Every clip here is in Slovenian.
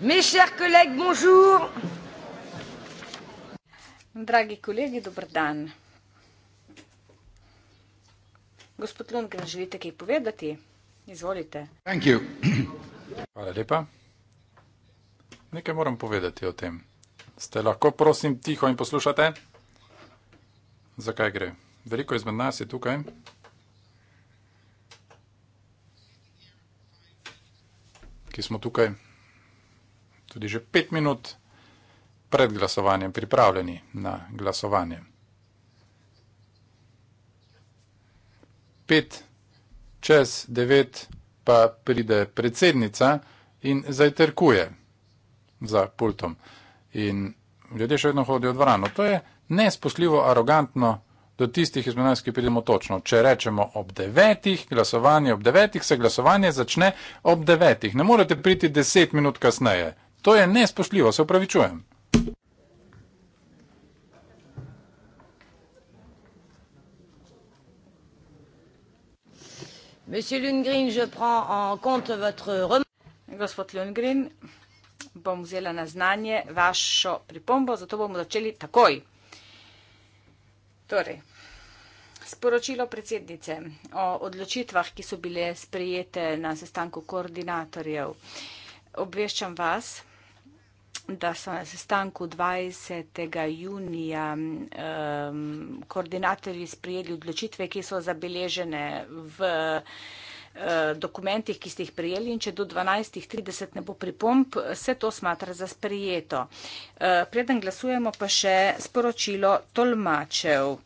Mes chers collègues, bonjour. Dragi kolegi, dober dan. Gospod Lundgren, želite kaj povedati? Izvolite. Thank you. Hvala lepa. Nekaj moram povedati o tem. Ste lahko, prosim, tiho in poslušate? Zakaj gre? Veliko izmed nas je tukaj. Ki smo tukaj tudi že pet minut pred glasovanjem pripravljeni na glasovanje. Pet čez devet pa pride predsednica in zajtrkuje za pultom. In ljudje še vedno hodijo v dvorano. To je nesposljivo, arogantno do tistih izmed nas, ki pridemo točno. Če rečemo ob devetih, glasovanje ob devetih, se glasovanje začne ob devetih. Ne morete priti deset minut kasneje. To je nespošljivo, se upravičujem. Monsieur Lundgren, je prends en compte votre rem... Gospod Lundgren, bom vzela na znanje vašo pripombo, zato bomo začeli takoj. Torej, sporočilo predsednice o odločitvah, ki so bile sprejete na sestanku koordinatorjev. Uh, obveščam vas, da so na sestanku 20. junija um, koordinatorji sprijeli odločitve, ki so zabeležene v eh, dokumentih, ki ste jih prijeli in če do 12.30 ne bo pripomp, se to smatra za sprijeto. Eh, preden glasujemo pa še sporočilo tolmačev.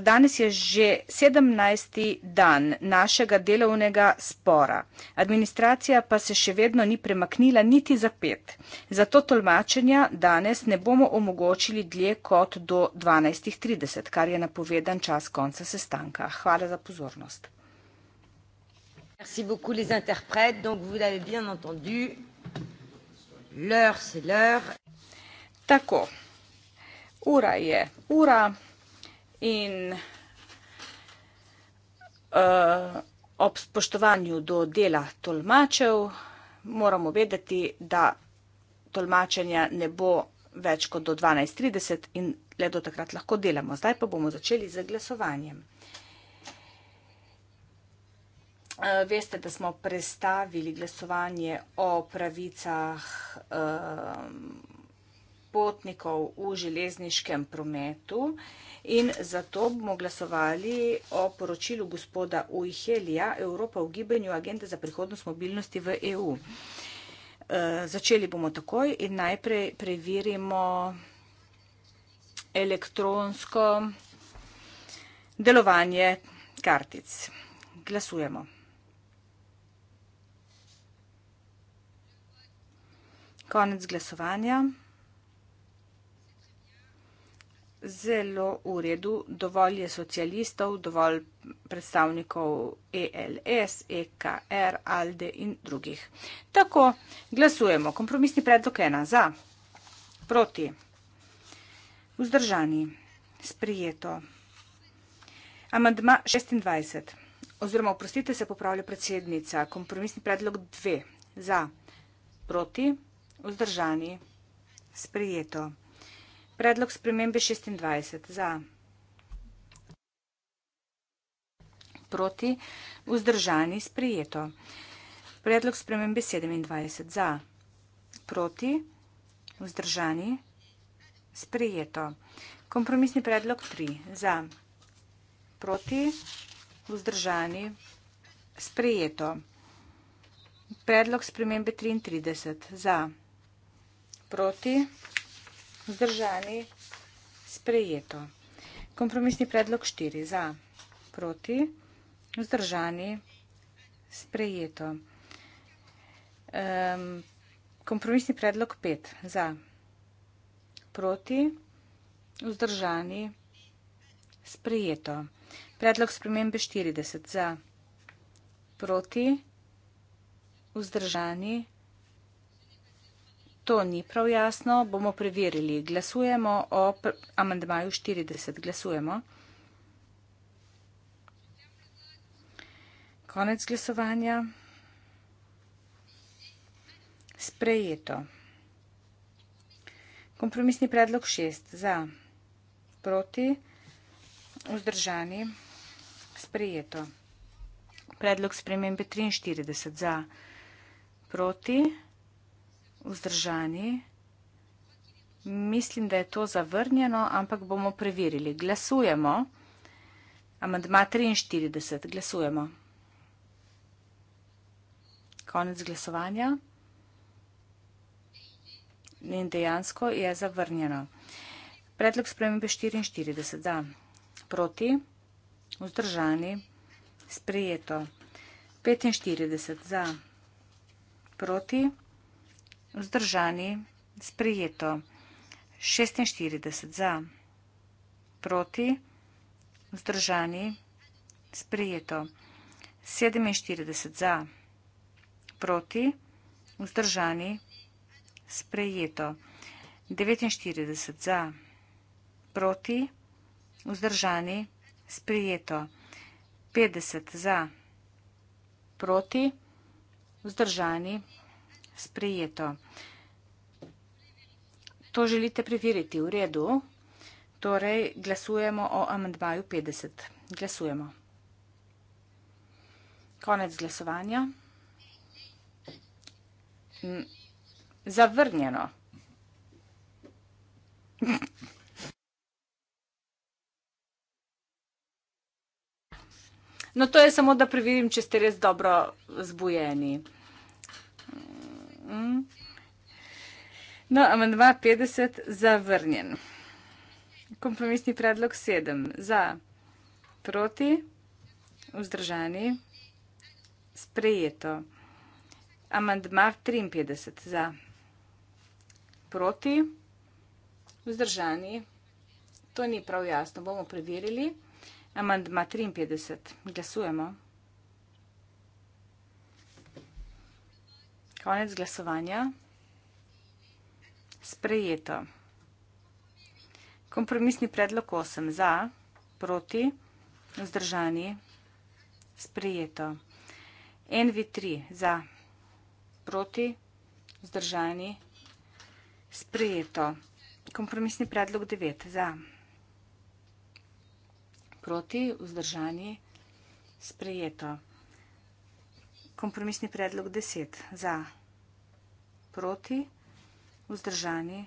Danes je že 17. dan našega delovnega spora. Administracija pa se še vedno ni premaknila niti za pet. Zato tolmačenja danes ne bomo omogočili dlje kot do 12.30, kar je napovedan čas konca sestanka. Hvala za pozornost. Merci beaucoup les interprètes. Donc vous l'avez bien entendu, l'heure c'est l'heure. Tako, ura je, ura in uh, ob spoštovanju do dela tolmačev moramo vedeti, da tolmačenja ne bo več kot do 12.30 in le do takrat lahko delamo. Zdaj pa bomo začeli z glasovanjem. Eh, veste, da smo prestavili glasovanje o pravicah eh, potnikov v železniškem prometu in zato bomo glasovali o poročilu gospoda Ujhelija Evropa v gibanju agenda za prihodnost mobilnosti v EU. E, začeli bomo takoj in najprej preverimo elektronsko delovanje kartic. Glasujemo. Konec glasovanja zelo v redu, dovolj je socialistov, dovolj predstavnikov ELS, EKR, ALDE in drugih. Tako, glasujemo. Kompromisni predlog ena za, proti, vzdržani, sprijeto. Amandma 26, oziroma oprostite se popravlja predsednica, kompromisni predlog dve, za, proti, vzdržani, sprijeto. Predlog spremembe 26. Za. Proti. Vzdržani. Sprijeto. Predlog spremembe 27. Za. Proti. Vzdržani. Sprijeto. Kompromisni predlog 3. Za. Proti. Vzdržani. Sprijeto. Predlog spremembe 33. Za. Proti. Vzdržani vzdržani, sprejeto. Kompromisni predlog 4 za, proti, vzdržani, sprejeto. Kompromisni predlog 5 za, proti, vzdržani, sprejeto. Predlog spremembe 40 za, proti, vzdržani, sprejeto. To ni prav jasno. Bomo preverili. Glasujemo o amandmaju 40. Glasujemo. Konec glasovanja. Sprejeto. Kompromisni predlog 6. Za. Proti. Vzdržani. Sprejeto. Predlog spremembe 43. Za. Proti. Proti vzdržani. Mislim, da je to zavrnjeno, ampak bomo preverili. Glasujemo. Amandma 43. Glasujemo. Konec glasovanja. In dejansko je zavrnjeno. Predlog spremembe 44. Da. Proti. Vzdržani. Sprejeto. 45. Za. Proti vzdržani, sprejeto 46 za, proti, vzdržani, sprejeto 47 za, proti, vzdržani, sprejeto 49 za, proti, vzdržani, sprejeto 50 za, proti, vzdržani, sprejeto sprejeto. To želite preveriti v redu. Torej, glasujemo o amandmaju 50. Glasujemo. Konec glasovanja. Zavrnjeno. No, to je samo, da preverim, če ste res dobro zbujeni. Mm. No, amandma 50 zavrnjen. Kompromisni predlog 7 za proti, vzdržani, sprejeto. Amandma 53 za proti, vzdržani, to ni prav jasno, bomo preverili. Amandma 53, glasujemo. Konec glasovanja. Sprejeto. Kompromisni predlog 8. Za, proti, vzdržani. Sprejeto. NV3. Za, proti, vzdržani. Sprejeto. Kompromisni predlog 9. Za, proti, vzdržani. Sprejeto. Sprejeto kompromisni predlog 10 za, proti, vzdržani,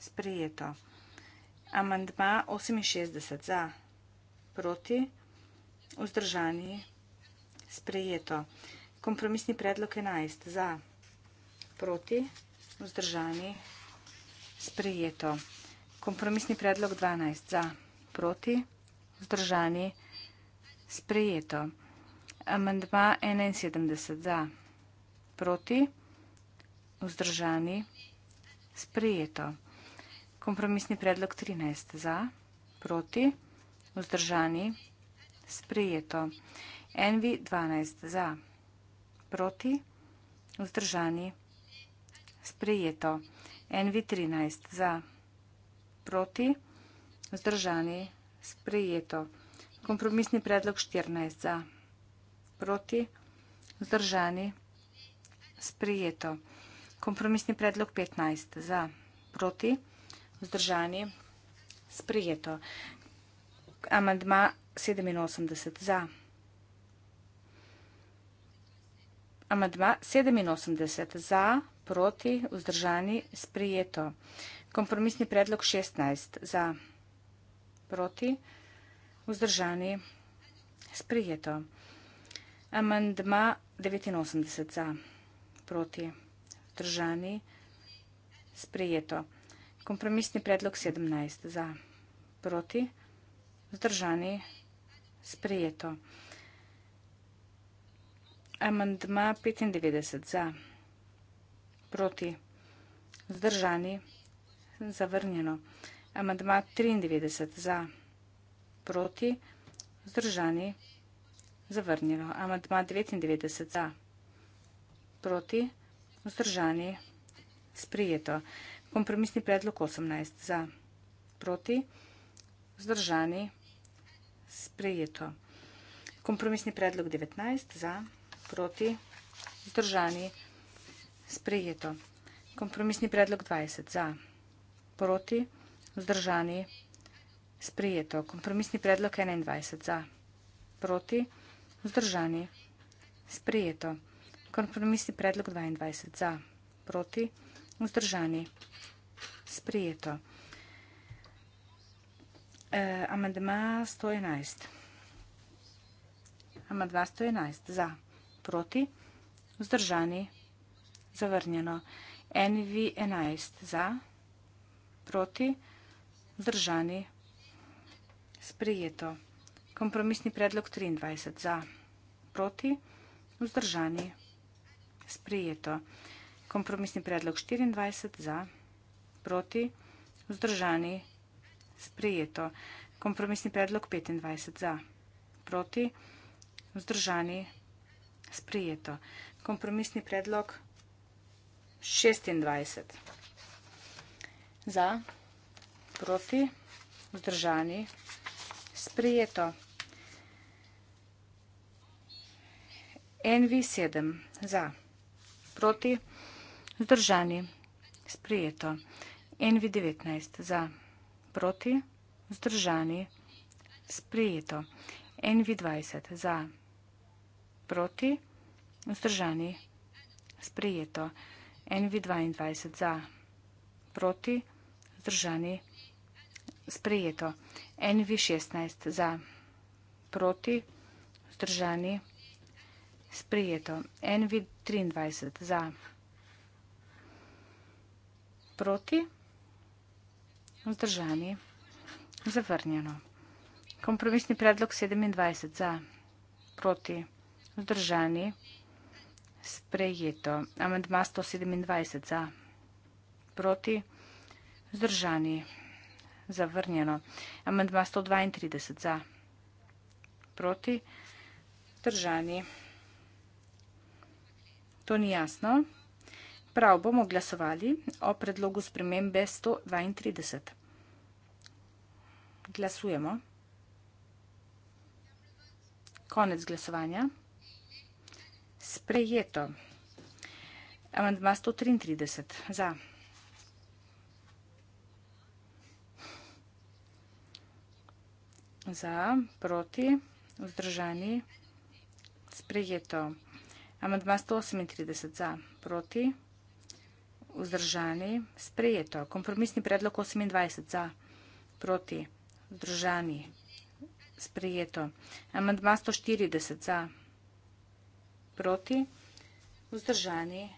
sprejeto. Amandma 68 za, proti, vzdržani, sprejeto. Kompromisni predlog 11 za, proti, vzdržani, sprejeto. Kompromisni predlog 12 za, proti, vzdržani, sprejeto. Amandma 71 za. Proti. Vzdržani. Sprejeto. Kompromisni predlog 13 za. Proti. Vzdržani. Sprejeto. Envi 12 za. Proti. Vzdržani. Sprejeto. Envi 13 za. Proti. Vzdržani. Sprejeto. Kompromisni predlog 14 za. Proti proti, vzdržani, sprejeto. Kompromisni predlog 15, za, proti, vzdržani, sprejeto. Amandma 87, za. Amandma 87, za, proti, vzdržani, sprejeto. Kompromisni predlog 16, za, proti, vzdržani, sprejeto. Amandma 89 za, proti, vzdržani, sprejeto. Kompromisni predlog 17 za, proti, vzdržani, sprejeto. Amandma 95 za, proti, vzdržani, zavrnjeno. Amandma 93 za, proti, vzdržani, sprejeto zavrnilo. Amadma 99 za, proti, vzdržani, sprijeto. Kompromisni predlog 18 za, proti, vzdržani, sprijeto. Kompromisni predlog 19 za, proti, vzdržani, sprijeto. Kompromisni predlog 20 za, proti, vzdržani, sprijeto. Kompromisni predlog 21 za, proti, vzdržani, sprijeto. Vzdržani. Sprejeto. Kompromisni predlog 22. Za. Proti. Vzdržani. Sprejeto. E, amandma 111. Amandma 111. Za. Proti. Vzdržani. Zavrnjeno. NV 11. Za. Proti. Vzdržani. Sprejeto. Kompromisni predlog 23 za, proti, vzdržani, sprejeto. Kompromisni predlog 24 za, proti, vzdržani, sprejeto. Kompromisni predlog 25 za, proti, vzdržani, sprejeto. Kompromisni predlog 26 za, proti, vzdržani, sprejeto. Sprejeto. NV7 za, proti, vzdržani, sprijeto. NV19 za, proti, vzdržani, sprijeto. NV20 za, proti, vzdržani, sprijeto. NV22 za, proti, vzdržani, sprijeto. NV16 za, proti, vzdržani, sprijeto. Sprejeto. En vid 23 za. Proti. Vzdržani. Zavrnjeno. Kompromisni predlog 27 za. Proti. Vzdržani. Sprejeto. Amendma 127 za. Proti. Vzdržani. Zavrnjeno. Amendma 132 za. Proti. Vzdržani. Zavrnjeno. To ni jasno. Prav bomo glasovali o predlogu spremembe 132. Glasujemo. Konec glasovanja. Sprejeto. Amandma 133. Za. Za, proti, vzdržani, sprejeto. Amandma 138 za, proti, vzdržani, sprejeto. Kompromisni predlog 28 za, proti, vzdržani, sprejeto. Amandma 140 za, proti, vzdržani,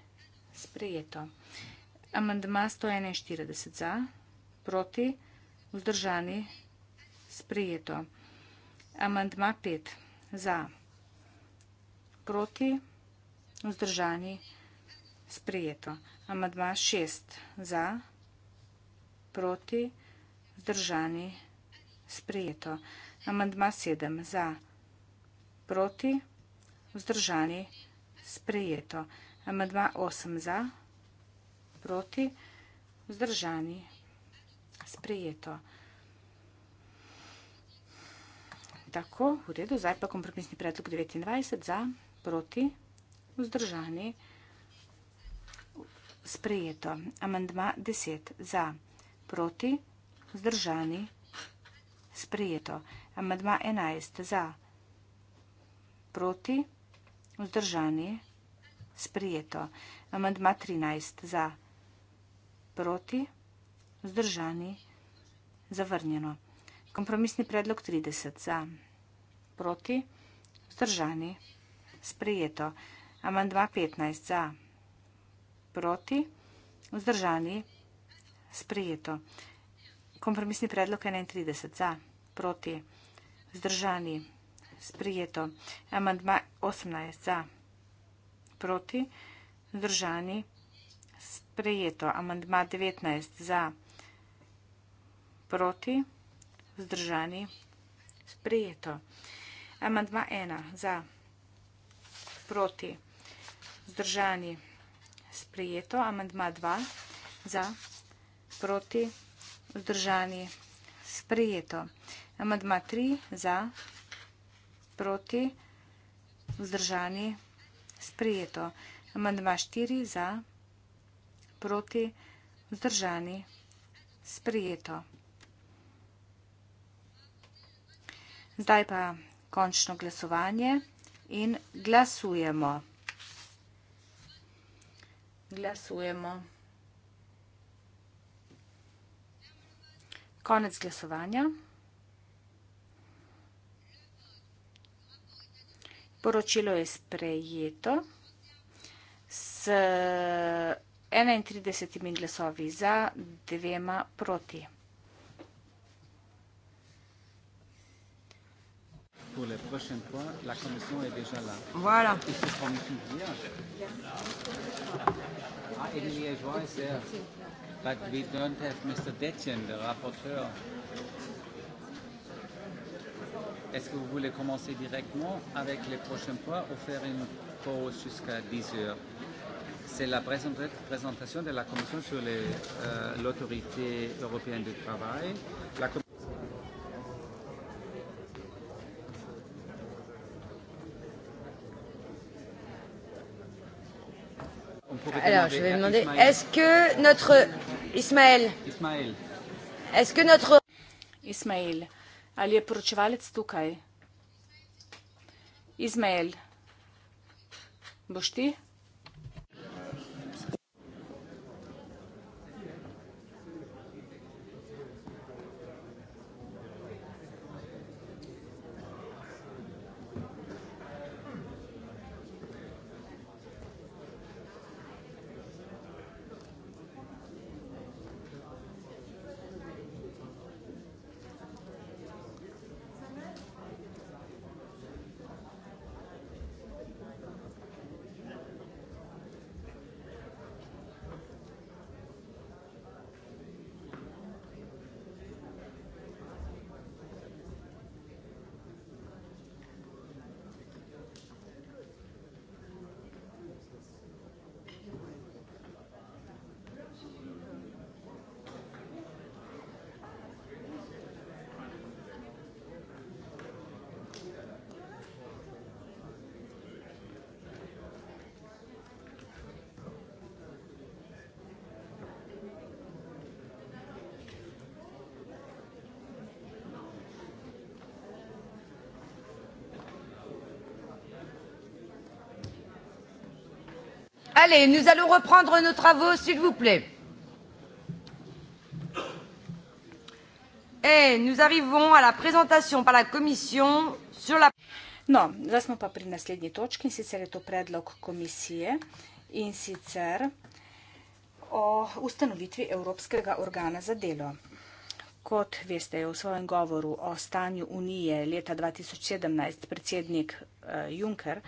sprejeto. Amandma 141 za, proti, vzdržani, sprejeto. Amandma 5 za, proti, vzdržani, sprejeto vzdržani sprejeto. Amadma šest za, proti, vzdržani sprejeto. Amadma sedem za, proti, vzdržani sprejeto. Amadma osem za, proti, vzdržani sprejeto. Tako, v redu, zdaj pa kompromisni predlog 29 za, proti, vzdržani sprejeto vzdržani. Sprejeto. Amandma 10. Za. Proti. Vzdržani. Sprejeto. Amandma 11. Za. Proti. Vzdržani. Sprejeto. Amandma 13. Za. Proti. Vzdržani. Zavrnjeno. Kompromisni predlog 30. Za. Proti. Vzdržani. Sprejeto. Sprejeto. Amandma 15 za. Proti. Vzdržani. Sprejeto. Kompromisni predlog 31 za. Proti. Vzdržani. Sprejeto. Amandma 18 za. Proti. Vzdržani. Sprejeto. Amandma 19 za. Proti. Vzdržani. Sprejeto. Amandma 1 za. Proti. Proti vzdržani sprejeto, amandma 2 za, proti, vzdržani sprejeto, amandma 3 za, proti, vzdržani sprejeto, amandma 4 za, proti, vzdržani sprejeto. Zdaj pa končno glasovanje in glasujemo. Glasujemo. Konec glasovanja. Poročilo je sprejeto s 31 glasovi za, dvema proti. pour les prochaines fois, la commission est déjà là. Voilà. Et c'est comme tu dis. Ah, il y a joie, c'est... But we don't have Mr. Detjen, le rapporteur. Est-ce que vous voulez commencer directement avec les prochains points ou faire une pause jusqu'à 10 heures C'est la présentation de la Commission sur euh, l'autorité euh, européenne du travail. La Alors, je vais demander, est-ce que notre Ismaël, est-ce que notre Ismaël, ali je poročevalec tukaj? Ismaël, boš ti? Allez, nous allons reprendre nos travaux, s'il vous plaît. Et eh, nous arrivons à la présentation par la commission sur la... No, zdaj smo pa pri naslednji točki in sicer je to predlog komisije in sicer o ustanovitvi Evropskega organa za delo. Kot veste, je v svojem govoru o stanju Unije leta 2017 predsednik eh, Juncker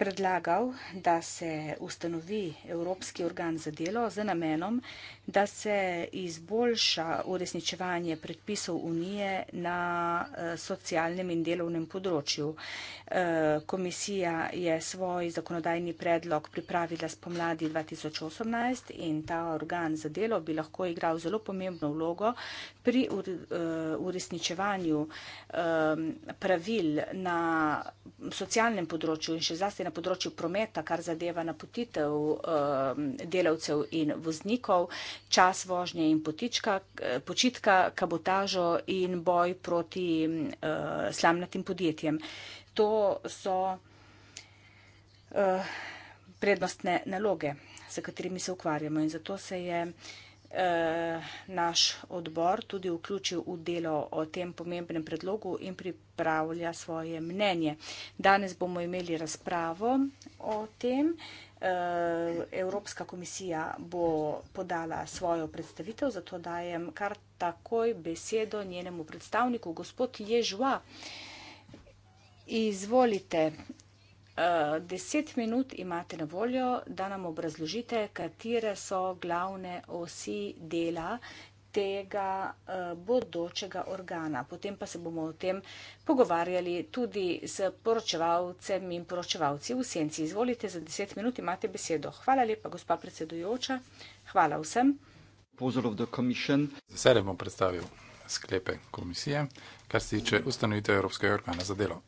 predlagal, da se ustanovi Evropski organ za delo z namenom, da se izboljša uresničevanje predpisov Unije na eh, socialnem in delovnem področju. Eh, komisija je svoj zakonodajni predlog pripravila spomladi 2018 in ta organ za delo bi lahko igral zelo pomembno vlogo pri eh, uresničevanju pravil na socialnem področju in še zlasti na na področju prometa, kar zadeva napotitev um, delavcev in voznikov, čas vožnje in potička, počitka, kabotažo in boj proti um, uh, slamnatim podjetjem. To so uh, prednostne naloge, s katerimi se ukvarjamo in zato se je Eh, naš odbor tudi vključil v delo o tem pomembnem predlogu in pripravlja svoje mnenje. Danes bomo imeli razpravo o tem. Eh, Evropska komisija bo podala svojo predstavitev, zato dajem kar takoj besedo njenemu predstavniku, gospod Ježva. Izvolite, Eh, deset minut imate na voljo, da nam obrazložite, katere so glavne osi dela tega eh, bodočega organa. Potem pa se bomo o tem pogovarjali tudi s poročevalcem in poročevalci v senci. Izvolite, za deset minut imate besedo. Hvala lepa, gospa predsedujoča. Hvala vsem. Pozorov do komisjon. Zdaj bom predstavil sklepe komisije, kar se tiče ustanovitve Evropskega organa za delo.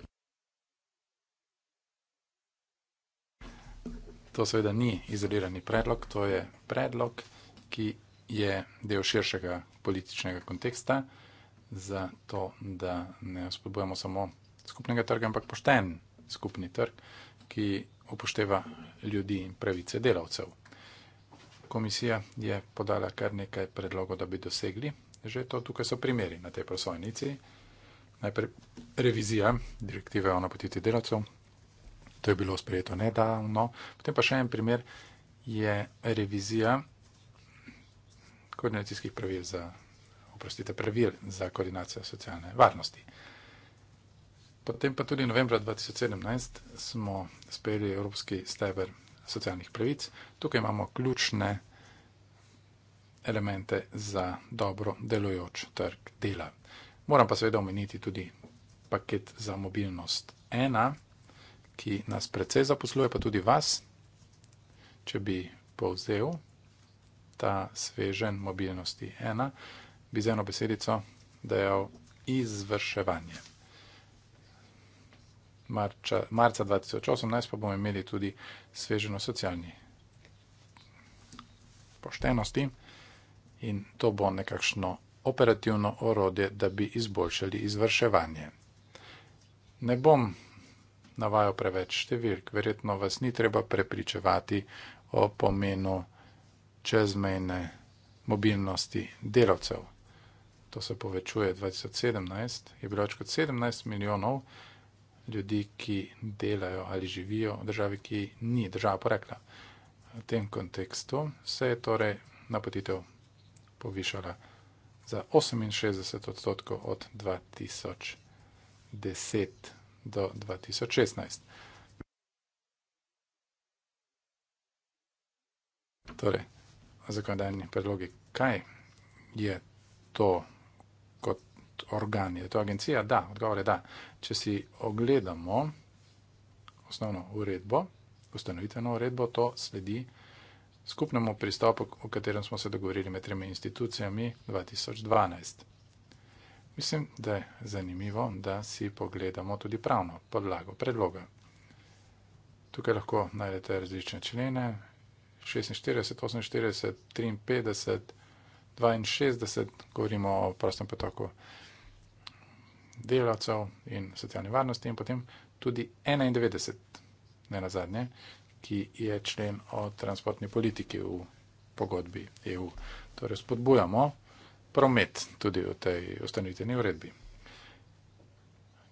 To seveda ni izolirani predlog, to je predlog, ki je del širšega političnega konteksta za to, da ne spodbujamo samo skupnega trga, ampak pošten skupni trg, ki upošteva ljudi in pravice delavcev. Komisija je podala kar nekaj predlogov, da bi dosegli že to. Tukaj so primeri na tej prosojnici. Najprej revizija direktive o napotitvi delavcev, To je bilo sprejeto nedavno. Potem pa še en primer je revizija koordinacijskih pravil za, oprostite, pravil za koordinacijo socialne varnosti. Potem pa tudi novembra 2017 smo sprejeli Evropski steber socialnih pravic. Tukaj imamo ključne elemente za dobro delujoč trg dela. Moram pa seveda omeniti tudi paket za mobilnost 1 ki nas precej zaposluje, pa tudi vas, če bi povzel ta svežen mobilnosti ena, bi z eno besedico dejal izvrševanje. Marča, marca 2018 pa bomo imeli tudi sveženo socialni poštenosti in to bo nekakšno operativno orodje, da bi izboljšali izvrševanje. Ne bom navajal preveč številk. Verjetno vas ni treba prepričevati o pomenu čezmejne mobilnosti delavcev. To se povečuje 2017. Je bilo več kot 17 milijonov ljudi, ki delajo ali živijo v državi, ki ni država porekla. V tem kontekstu se je torej napotitev povišala za 68 odstotkov od 2010 do 2016. Torej, zakonodajni predlogi, kaj je to kot organ? Je to agencija? Da, odgovor je da. Če si ogledamo osnovno uredbo, ustanovitveno uredbo, to sledi skupnemu pristopu, o katerem smo se dogovorili med tremi institucijami 2012. Mislim, da je zanimivo, da si pogledamo tudi pravno podlago predloga. Tukaj lahko najdete različne člene 46, 48, 53, 62, govorimo o prostem potoku delavcev in socialni varnosti in potem tudi 91, ne na zadnje, ki je člen o transportni politiki v pogodbi EU. Torej spodbujamo promet tudi v tej ustanovitveni uredbi.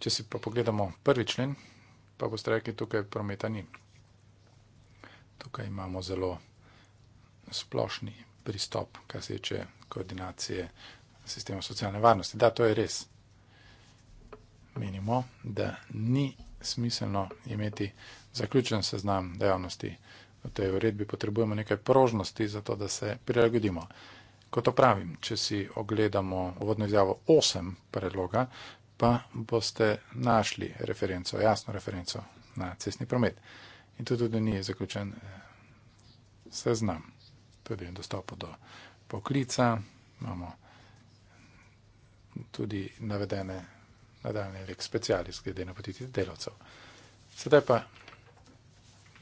Če si pa pogledamo prvi člen, pa boste rekli, tukaj prometa ni. Tukaj imamo zelo splošni pristop, kar se tiče koordinacije sistema socialne varnosti. Da, to je res. Menimo, da ni smiselno imeti zaključen seznam dejavnosti v tej uredbi. Potrebujemo nekaj prožnosti, zato da se prilagodimo. Kot pravim, če si ogledamo uvodno izjavo 8 predloga, pa boste našli referenco, jasno referenco na cestni promet. In to tudi ni zaključen eh, seznam, tudi dostop do poklica, imamo tudi navedene nadaljne rek specialis, glede na potiti delavcev. Sedaj pa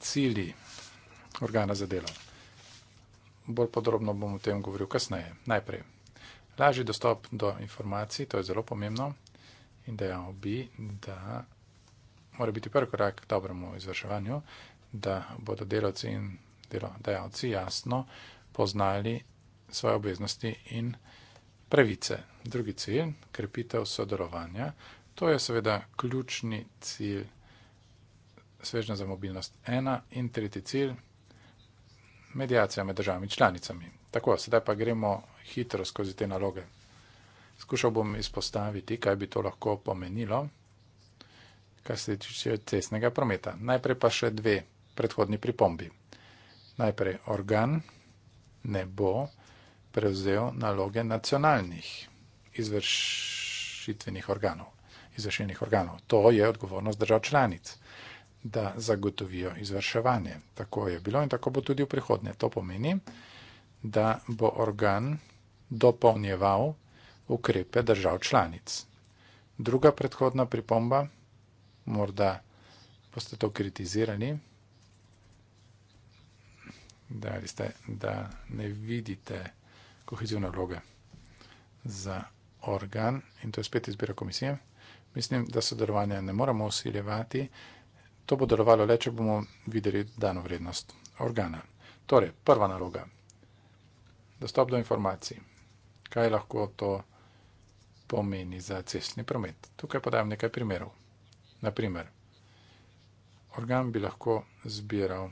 cilji organa za delo bolj podrobno bom o tem govoril kasneje. Najprej, lažji dostop do informacij, to je zelo pomembno in dejal bi, da mora biti prvi korak k dobremu izvrševanju, da bodo delavci in delodajalci jasno poznali svoje obveznosti in pravice. Drugi cilj, krepitev sodelovanja, to je seveda ključni cilj svežna za mobilnost ena in tretji cilj, medijacija med državami članicami. Tako, sedaj pa gremo hitro skozi te naloge. Skušal bom izpostaviti, kaj bi to lahko pomenilo, kar se tiče cestnega prometa. Najprej pa še dve predhodni pripombi. Najprej organ ne bo prevzel naloge nacionalnih izvršitvenih organov. Izvršilnih organov. To je odgovornost držav članic da zagotovijo izvrševanje. Tako je bilo in tako bo tudi v prihodnje. To pomeni, da bo organ dopolnjeval ukrepe držav članic. Druga predhodna pripomba, morda boste to kritizirali, da, ste, da ne vidite kohezivne vloge za organ in to je spet izbira komisije. Mislim, da sodelovanja ne moramo usiljevati, To bo delovalo le, če bomo videli dano vrednost organa. Torej, prva naloga. Dostop do informacij. Kaj lahko to pomeni za cestni promet? Tukaj podajam nekaj primerov. Naprimer, organ bi lahko zbiral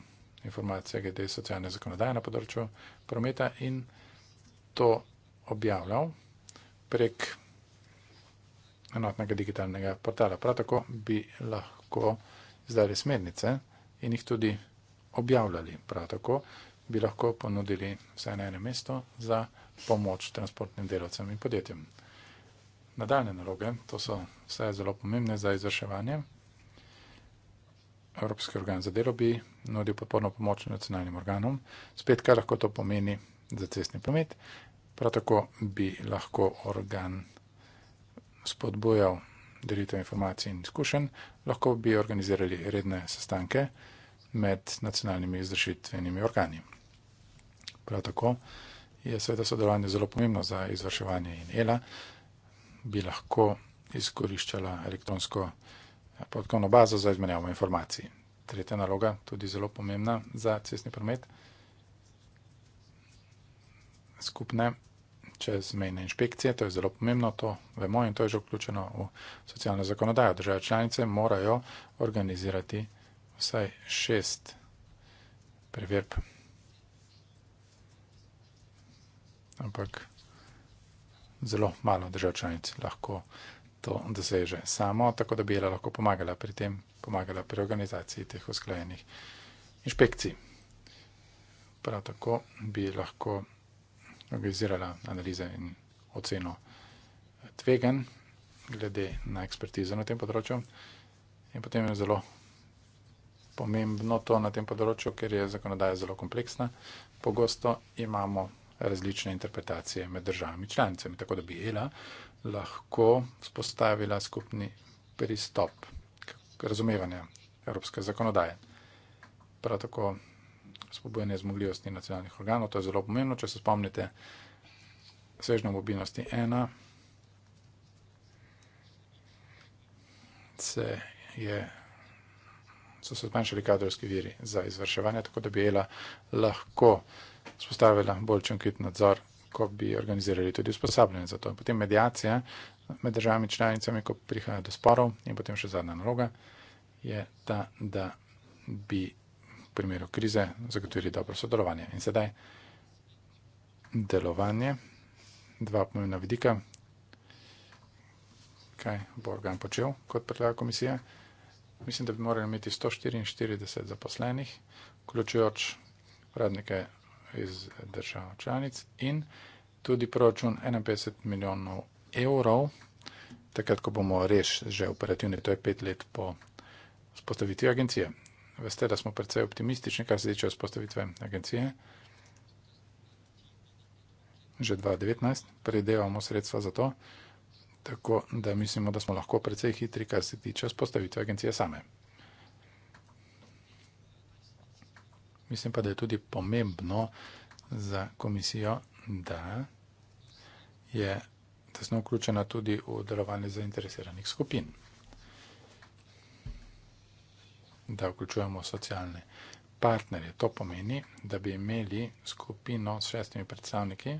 informacije glede socialne zakonodaje na področju prometa in to objavljal prek enotnega digitalnega portala. Prav tako bi lahko izdali smernice in jih tudi objavljali. Prav tako bi lahko ponudili vsaj na enem mestu za pomoč transportnim delavcem in podjetjem. Nadaljne naloge, to so vse zelo pomembne za izvrševanje. Evropski organ za delo bi nudil podporno pomoč nacionalnim organom. Spet, kaj lahko to pomeni za cestni promet. Prav tako bi lahko organ spodbujal delitev informacij in izkušenj, lahko bi organizirali redne sestanke med nacionalnimi izvršitvenimi organi. Prav tako je seveda sodelovanje zelo pomembno za izvrševanje in ELA bi lahko izkoriščala elektronsko eh, podkovno bazo za izmenjavo informacij. Tretja naloga, tudi zelo pomembna za cestni promet, skupne čez mejne inšpekcije, to je zelo pomembno, to vemo in to je že vključeno v socialno zakonodajo. Države članice morajo organizirati vsaj šest preverb. Ampak zelo malo držav članic lahko to doseže samo, tako da bi jela lahko pomagala pri tem, pomagala pri organizaciji teh usklajenih inšpekcij. Prav tako bi lahko organizirala analize in oceno tvegan glede na ekspertizo na tem področju. In potem je zelo pomembno to na tem področju, ker je zakonodaja zelo kompleksna. Pogosto imamo različne interpretacije med državami članicami, tako da bi ela lahko spostavila skupni pristop k razumevanju evropske zakonodaje. Prav tako spodbujanje zmogljivosti nacionalnih organov. To je zelo pomembno, če se spomnite svežnjo mobilnosti ena. Se je, so se zmanjšali kadrovski viri za izvrševanje, tako da bi ela lahko spostavila bolj čunkit nadzor, ko bi organizirali tudi usposabljanje za to. Potem medijacija med državami članicami, ko prihaja do sporov in potem še zadnja naloga je ta, da bi primeru krize zagotovili dobro sodelovanje. In sedaj delovanje, dva pomembna vidika, kaj bo organ počel kot predlaga komisija. Mislim, da bi morali imeti 144 zaposlenih, vključujoč uradnike iz držav članic in tudi proračun 51 milijonov evrov, takrat, ko bomo reš že operativni, to je pet let po spostavitvi agencije veste, da smo precej optimistični, kar se tiče vzpostavitve agencije. Že 2019 predevamo sredstva za to, tako da mislimo, da smo lahko precej hitri, kar se tiče vzpostavitve agencije same. Mislim pa, da je tudi pomembno za komisijo, da je tesno vključena tudi v delovanje zainteresiranih skupin da vključujemo socialne partnerje. To pomeni, da bi imeli skupino s šestimi predstavniki,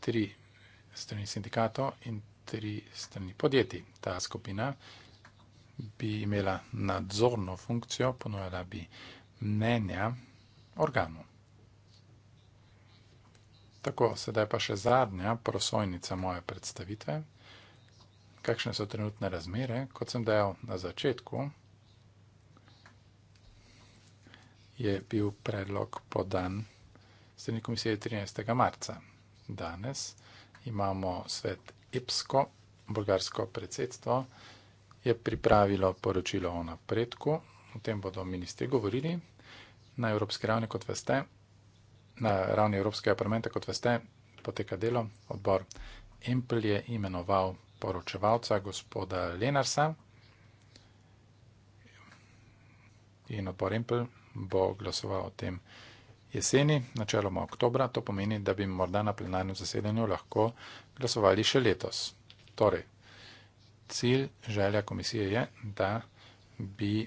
tri strani sindikatov in tri strani podjetij. Ta skupina bi imela nadzorno funkcijo, ponujala bi mnenja organu. Tako, sedaj pa še zadnja prosojnica moje predstavitve. Kakšne so trenutne razmere? Kot sem dejal na začetku, je bil predlog podan strani komisije 13. marca. Danes imamo svet EPSKO, bolgarsko predsedstvo, je pripravilo poročilo o napredku, o tem bodo ministri govorili. Na evropski ravni, kot veste, na ravni Evropskega parlamenta, kot veste, poteka delo, odbor Empel je imenoval poročevalca gospoda Lenarsa in odbor Empel bo glasoval o tem jeseni, načeloma oktobra. To pomeni, da bi morda na plenarnem zasedanju lahko glasovali še letos. Torej, cilj želja komisije je, da bi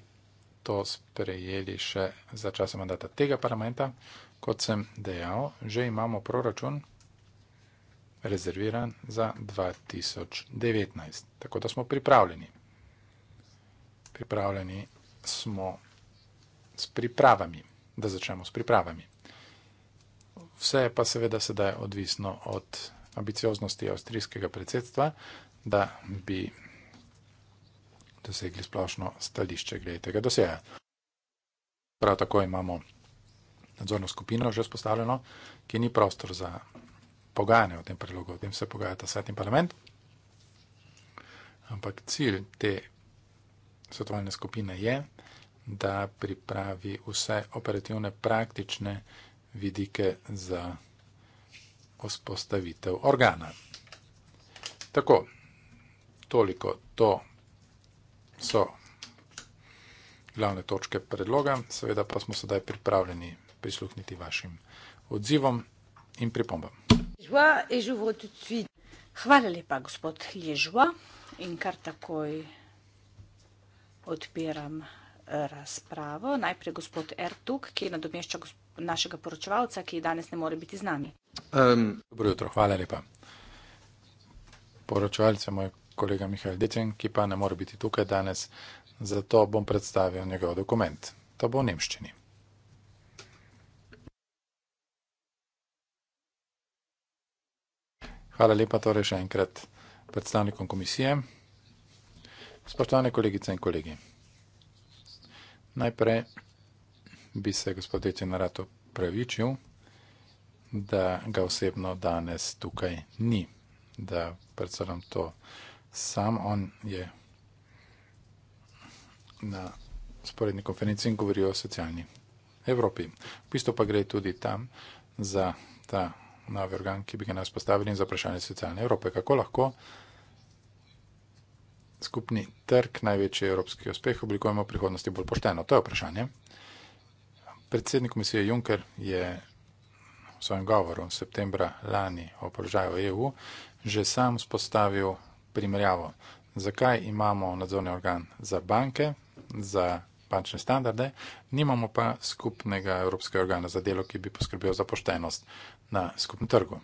to sprejeli še za časa mandata tega parlamenta. Kot sem dejal, že imamo proračun rezerviran za 2019, tako da smo pripravljeni. Pripravljeni smo s pripravami, da začnemo s pripravami. Vse pa seveda sedaj odvisno od ambicioznosti avstrijskega predsedstva, da bi dosegli splošno stališče glede tega doseja. Prav tako imamo nadzorno skupino že spostavljeno, ki ni prostor za pogajanje o tem predlogu, o tem se pogajata svet in parlament. Ampak cilj te svetovalne skupine je, da pripravi vse operativne praktične vidike za vzpostavitev organa. Tako, toliko to so glavne točke predloga, seveda pa smo sedaj pripravljeni prisluhniti vašim odzivom in pripombam. Hvala lepa, gospod Ježva, in kar takoj odpiram razpravo. Najprej gospod Ertug, ki nadomešča našega poročevalca, ki danes ne more biti z nami. Um, dobro jutro, hvala lepa. Poročevalec je moj kolega Mihajl Decen, ki pa ne more biti tukaj danes, zato bom predstavil njegov dokument. To bo v nemščini. Hvala lepa torej še enkrat predstavnikom komisije. Spoštovane kolegice in kolegi. Najprej bi se gospod Etienarat upravičil, da ga osebno danes tukaj ni, da predvsem to sam on je na sporedni konferenci in govori o socialni Evropi. V bistvu pa gre tudi tam za ta novi organ, ki bi ga nas postavili in za vprašanje socialne Evrope. Kako lahko skupni trg največji evropski uspeh oblikujemo v prihodnosti bolj pošteno? To je vprašanje. Predsednik komisije Juncker je v svojem govoru v septembra lani o položaju EU že sam spostavil primerjavo, zakaj imamo nadzorni organ za banke, za bančne standarde, nimamo pa skupnega evropskega organa za delo, ki bi poskrbel za poštenost na skupnem trgu.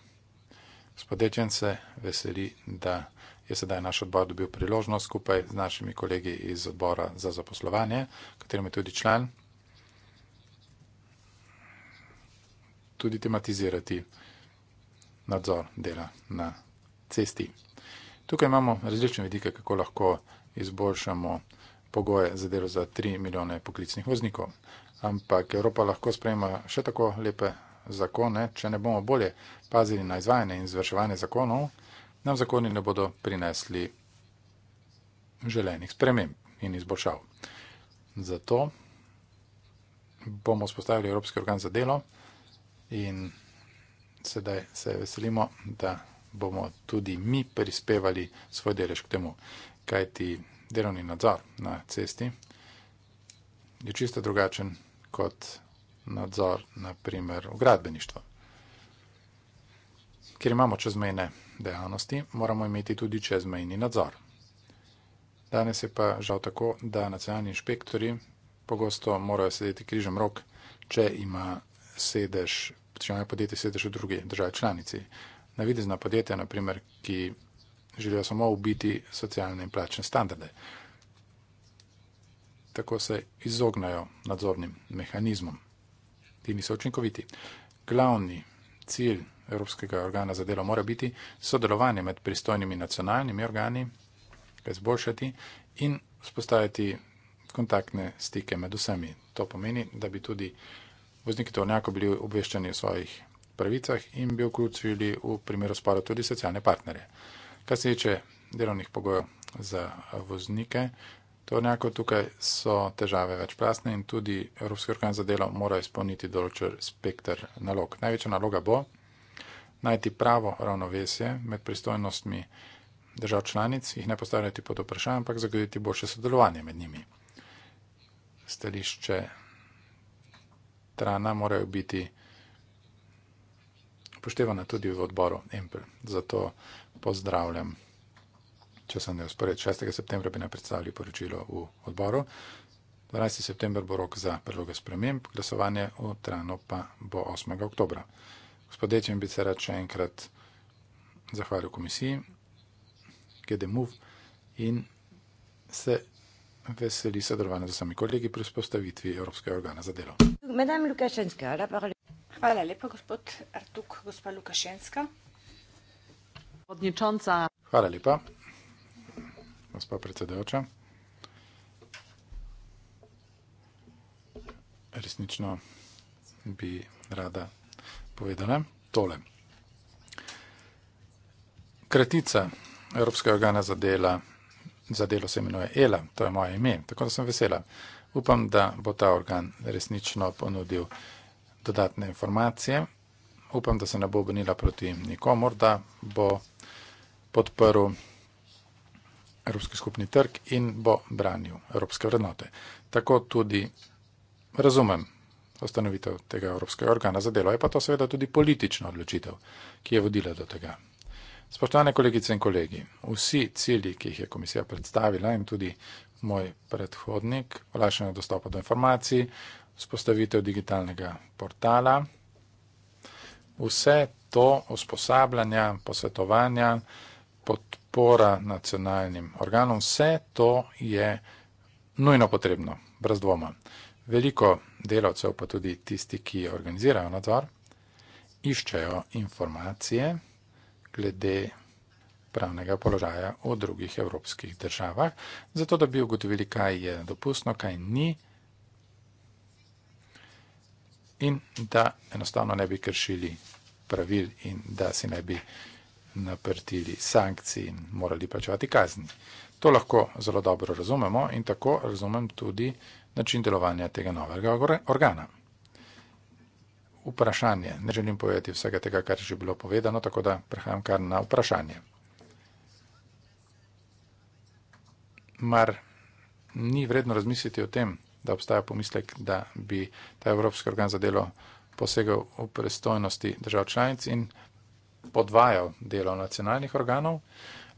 Gospod Dečen se veseli, da je sedaj naš odbor dobil priložnost skupaj z našimi kolegi iz odbora za zaposlovanje, katerim je tudi član, tudi tematizirati nadzor dela na cesti. Tukaj imamo različne vidike, kako lahko izboljšamo pogoje za delo za 3 milijone poklicnih voznikov. Ampak Evropa lahko sprejema še tako lepe zakone, če ne bomo bolje pazili na izvajanje in izvrševanje zakonov nam zakoni ne bodo prinesli želenih sprememb in izboljšav. Zato bomo spostavili Evropski organ za delo in sedaj se veselimo, da bomo tudi mi prispevali svoj delež k temu, kajti delovni nadzor na cesti je čisto drugačen kot nadzor na primer v gradbeništvu, kjer imamo čezmejne dejavnosti moramo imeti tudi čezmejni nadzor. Danes je pa žal tako, da nacionalni inšpektori pogosto morajo sedeti križem rok, če ima sedež, če ima podjetje sedež v drugi državi članici. Navidezna podjetja, naprimer, ki želijo samo ubiti socialne in plačne standarde. Tako se izognajo nadzornim mehanizmom. Ti niso učinkoviti. Glavni cilj Evropskega organa za delo mora biti sodelovanje med pristojnimi nacionalnimi organi, kaj zboljšati in spostaviti kontaktne stike med vsemi. To pomeni, da bi tudi vozniki tovornjakov bili obveščeni o svojih pravicah in bi vključili v primeru spora tudi socialne partnerje. Kar se tiče delovnih pogojev za voznike, tovornjakov tukaj so težave večplastne in tudi Evropski organ za delo mora izpolniti določen spektr nalog. Največja naloga bo, najti pravo ravnovesje med pristojnostmi držav članic, jih ne postavljati pod vprašanje, ampak zagotoviti boljše sodelovanje med njimi. Stališče Trana morajo biti upoštevane tudi v odboru EMPL. Zato pozdravljam, če sem ne uspored, 6. septembra bi naj predstavili poročilo v odboru. 12. september bo rok za predloge sprememb, glasovanje v Trano pa bo 8. oktobra. S podjetjem bi se rad še enkrat zahvalil komisiji GDMUV in se veseli sodelovanja z vsemi kolegi pri vzpostavitvi Evropskega organa za delo. Hvala lepa, gospod Artuk, gospa Lukašenska. Podničonca. Hvala lepa, gospod predsedajoča. Resnično bi rada povedane, tole. Kratica Evropskega organa za, dela, za delo se imenuje ELA, to je moje ime, tako da sem vesela. Upam, da bo ta organ resnično ponudil dodatne informacije. Upam, da se ne bo obrnila proti nikomor, da bo podprl Evropski skupni trg in bo branil Evropske vrednote. Tako tudi razumem ustanovitev tega Evropskega organa za delo. Je pa to seveda tudi politična odločitev, ki je vodila do tega. Spoštovane kolegice in kolegi, vsi cilji, ki jih je komisija predstavila in tudi moj predhodnik, olajšanje dostopa do informacij, vzpostavitev digitalnega portala, vse to usposabljanja, posvetovanja, podpora nacionalnim organom, vse to je nujno potrebno, brez dvoma. Veliko delavcev, pa tudi tisti, ki organizirajo nadzor, iščejo informacije glede pravnega položaja v drugih evropskih državah, zato da bi ugotovili, kaj je dopustno, kaj ni in da enostavno ne bi kršili pravil in da si ne bi naprtili sankcij in morali plačevati kazni. To lahko zelo dobro razumemo in tako razumem tudi način delovanja tega novega organa. Vprašanje. Ne želim povedati vsega tega, kar je že bilo povedano, tako da prehajam kar na vprašanje. Mar ni vredno razmisliti o tem, da obstaja pomislek, da bi ta Evropski organ za delo posegal v prestojnosti držav članic in podvajal delo nacionalnih organov?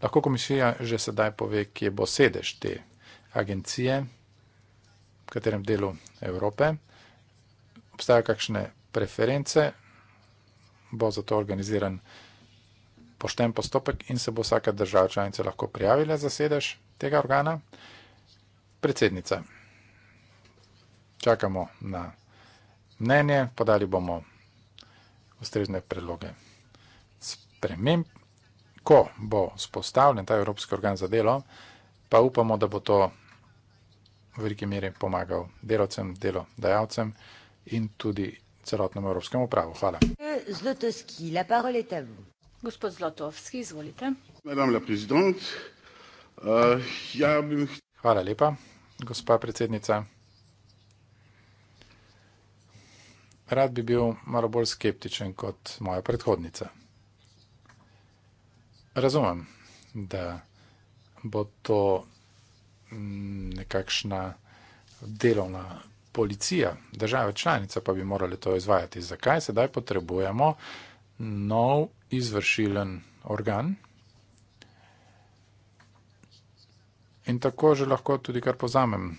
Lahko komisija že sedaj pove, kje bo sedež te agencije, katerem delu Evrope. Obstajajo kakšne preference, bo zato organiziran pošten postopek in se bo vsaka država članica lahko prijavila za sedež tega organa. Predsednica. Čakamo na mnenje, podali bomo ustrezne predloge sprememb. Ko bo spostavljen ta Evropski organ za delo, pa upamo, da bo to v veliki meri pomagal delavcem, delodajalcem in tudi celotnemu evropskemu pravu. Hvala. Zlotovski, la parole est à vous. Gospod Zlotovski, izvolite. Madame la présidente, uh, ja bi... Hvala lepa, gospa predsednica. Rad bi bil malo bolj skeptičen kot moja predhodnica. Razumem, da bo to nekakšna delovna policija, države članice pa bi morali to izvajati. Zakaj sedaj potrebujemo nov izvršilen organ? In tako že lahko tudi kar povzamem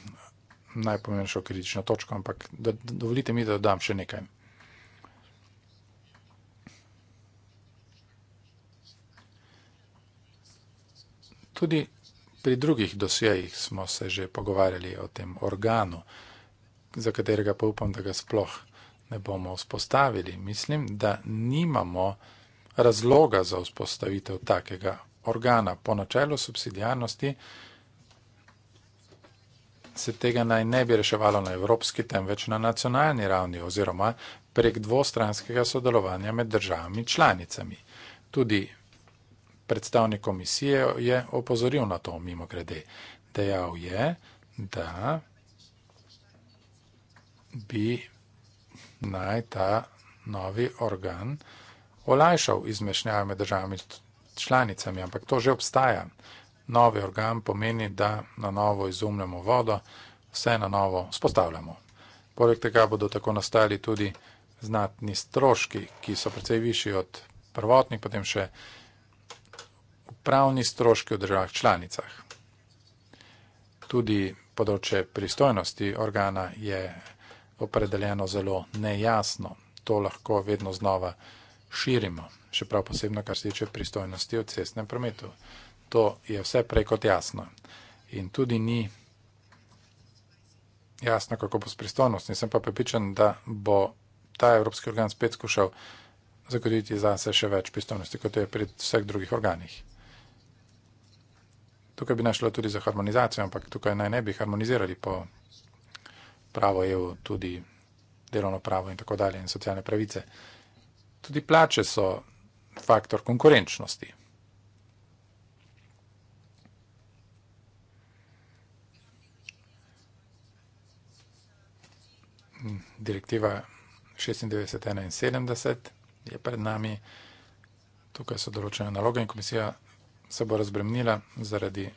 najpomembnejšo kritično točko, ampak da, dovolite mi, da dodam še nekaj. Tudi Pri drugih dosjejih smo se že pogovarjali o tem organu, za katerega pa upam, da ga sploh ne bomo vzpostavili. Mislim, da nimamo razloga za vzpostavitev takega organa. Po načelu subsidijarnosti se tega naj ne bi reševalo na evropski, temveč na nacionalni ravni oziroma prek dvostranskega sodelovanja med državami članicami. Tudi Predstavnik komisije je opozoril na to mimo grede. Dejal je, da bi naj ta novi organ olajšal izmešnjave med državami članicami, ampak to že obstaja. Novi organ pomeni, da na novo izumljamo vodo, vse na novo spostavljamo. Poleg tega bodo tako nastali tudi znatni stroški, ki so precej višji od prvotnih, potem še pravni stroški v državah članicah. Tudi področje pristojnosti organa je opredeljeno zelo nejasno. To lahko vedno znova širimo, še prav posebno, kar se tiče pristojnosti v cestnem prometu. To je vse prej kot jasno. In tudi ni jasno, kako bo s pristojnostmi. Sem pa pripričan, da bo ta evropski organ spet skušal zagotoviti zase še več pristojnosti, kot je pri vseh drugih organih. Tukaj bi našlo tudi za harmonizacijo, ampak tukaj naj ne bi harmonizirali po pravo EU, tudi delovno pravo in tako dalje in socialne pravice. Tudi plače so faktor konkurenčnosti. Direktiva 96.71 je pred nami. Tukaj so določene naloge in komisija se bo razbremnila zaradi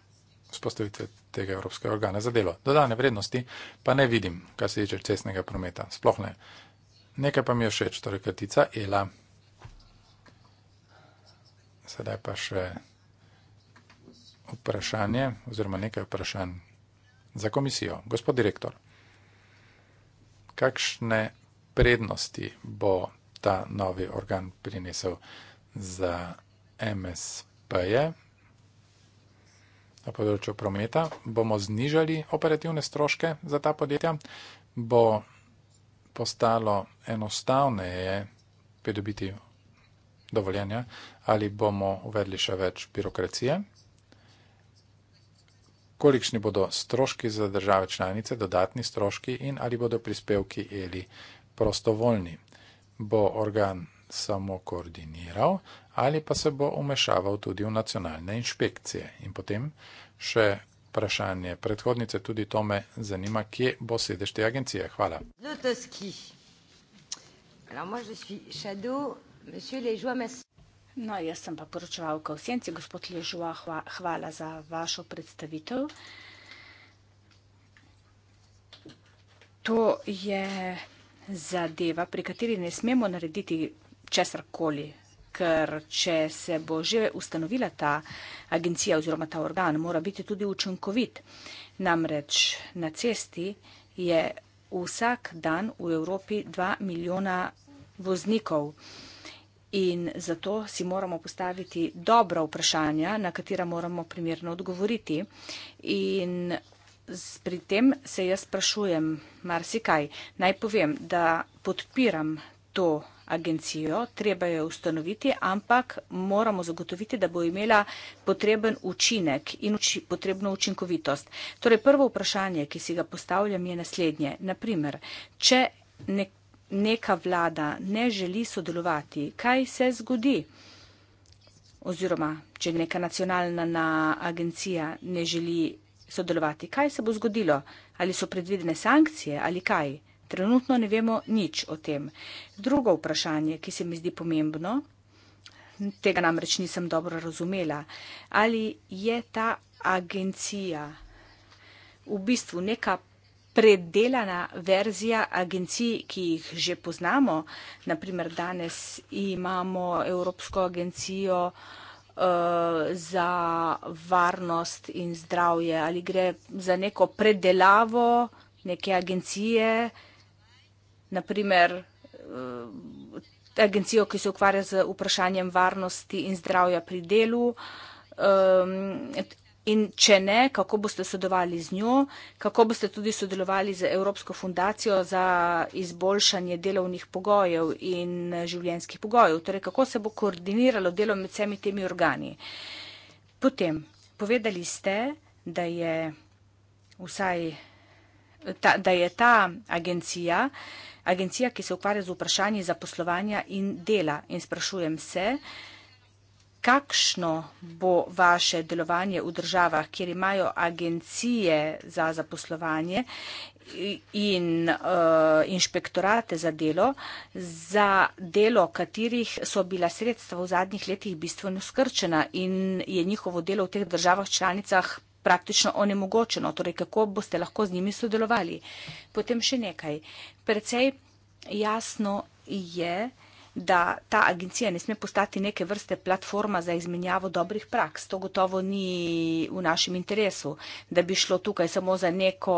spostavitve tega Evropskega organa za delo. Dodane vrednosti pa ne vidim, kar se tiče cestnega prometa. Sploh ne. Nekaj pa mi je všeč, torej kratica ELA. Sedaj pa še vprašanje oziroma nekaj vprašanj za komisijo. Gospod direktor, kakšne prednosti bo ta novi organ prinesel za MSP? BP-je na področju prometa, bomo znižali operativne stroške za ta podjetja, bo postalo enostavneje pridobiti dovoljenja ali bomo uvedli še več birokracije. Kolikšni bodo stroški za države članice, dodatni stroški in ali bodo prispevki ali prostovoljni? Bo organ samo koordiniral ali pa se bo umešaval tudi v nacionalne inšpekcije. In potem še vprašanje predhodnice, tudi to me zanima, kje bo sedež te agencije. Hvala. No, jaz sem pa poročevalka v senci, gospod Ležua, hvala za vašo predstavitev. To je zadeva, pri kateri ne smemo narediti česarkoli ker če se bo že ustanovila ta agencija oziroma ta organ, mora biti tudi učinkovit. Namreč na cesti je vsak dan v Evropi 2 milijona voznikov. In zato si moramo postaviti dobra vprašanja, na katera moramo primerno odgovoriti. In pri tem se jaz sprašujem marsikaj. Naj povem, da podpiram to agencijo. Treba jo ustanoviti, ampak moramo zagotoviti, da bo imela potreben učinek in uči, potrebno učinkovitost. Torej, prvo vprašanje, ki si ga postavljam, je naslednje. Naprimer, če ne, neka vlada ne želi sodelovati, kaj se zgodi? Oziroma, če neka nacionalna na agencija ne želi sodelovati, kaj se bo zgodilo? Ali so predvidene sankcije ali kaj? Trenutno ne vemo nič o tem. Drugo vprašanje, ki se mi zdi pomembno, tega namreč nisem dobro razumela, ali je ta agencija v bistvu neka predelana verzija agencij, ki jih že poznamo. Naprimer, danes imamo Evropsko agencijo eh, za varnost in zdravje ali gre za neko predelavo neke agencije, naprimer eh, agencijo, ki se ukvarja z vprašanjem varnosti in zdravja pri delu. In če ne, kako boste sodelovali z njo, kako boste tudi sodelovali z Evropsko fundacijo za izboljšanje delovnih pogojev in življenjskih pogojev, torej kako se bo koordiniralo delo med vsemi temi organi. Potem, povedali ste, da je, vsaj, ta, da je ta agencija uh, agencija, ki se ukvarja z vprašanji zaposlovanja in dela. In sprašujem se, kakšno bo vaše delovanje v državah, kjer imajo agencije za zaposlovanje in uh, inšpektorate za delo, za delo, katerih so bila sredstva v zadnjih letih bistveno skrčena in je njihovo delo v teh državah članicah praktično onemogočeno, torej kako boste lahko z njimi sodelovali. Potem še nekaj. Precej jasno je, da ta agencija ne sme postati neke vrste platforma za izmenjavo dobrih praks. To gotovo ni v našem interesu, da bi šlo tukaj samo za neko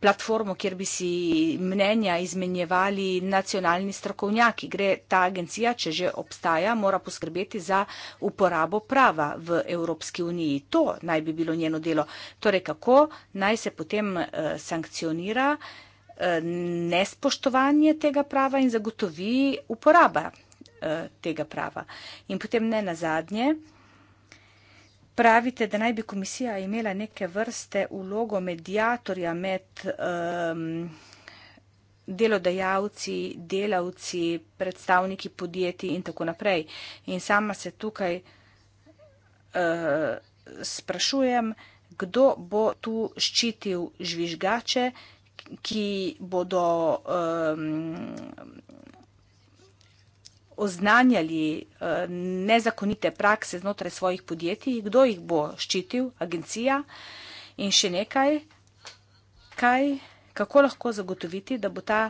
platformo, kjer bi si mnenja izmenjevali nacionalni strokovnjaki. Gre ta agencija, če že obstaja, mora poskrbeti za uporabo prava v Evropski uniji. To naj bi bilo njeno delo. Torej, kako naj se potem eh, sankcionira? Eh, nespoštovanje tega prava in zagotovi uporaba eh, tega prava. In potem ne na zadnje, pravite, da naj bi komisija imela neke vrste ulogo medijatorja med um, delodajalci, delavci, predstavniki podjetij in tako naprej. In sama se tukaj uh, sprašujem, kdo bo tu ščitil žvižgače, uh, ki bodo oznanjali e, nezakonite prakse znotraj svojih podjetij, kdo jih bo ščitil, agencija in še nekaj, kaj, kako lahko zagotoviti, da bo ta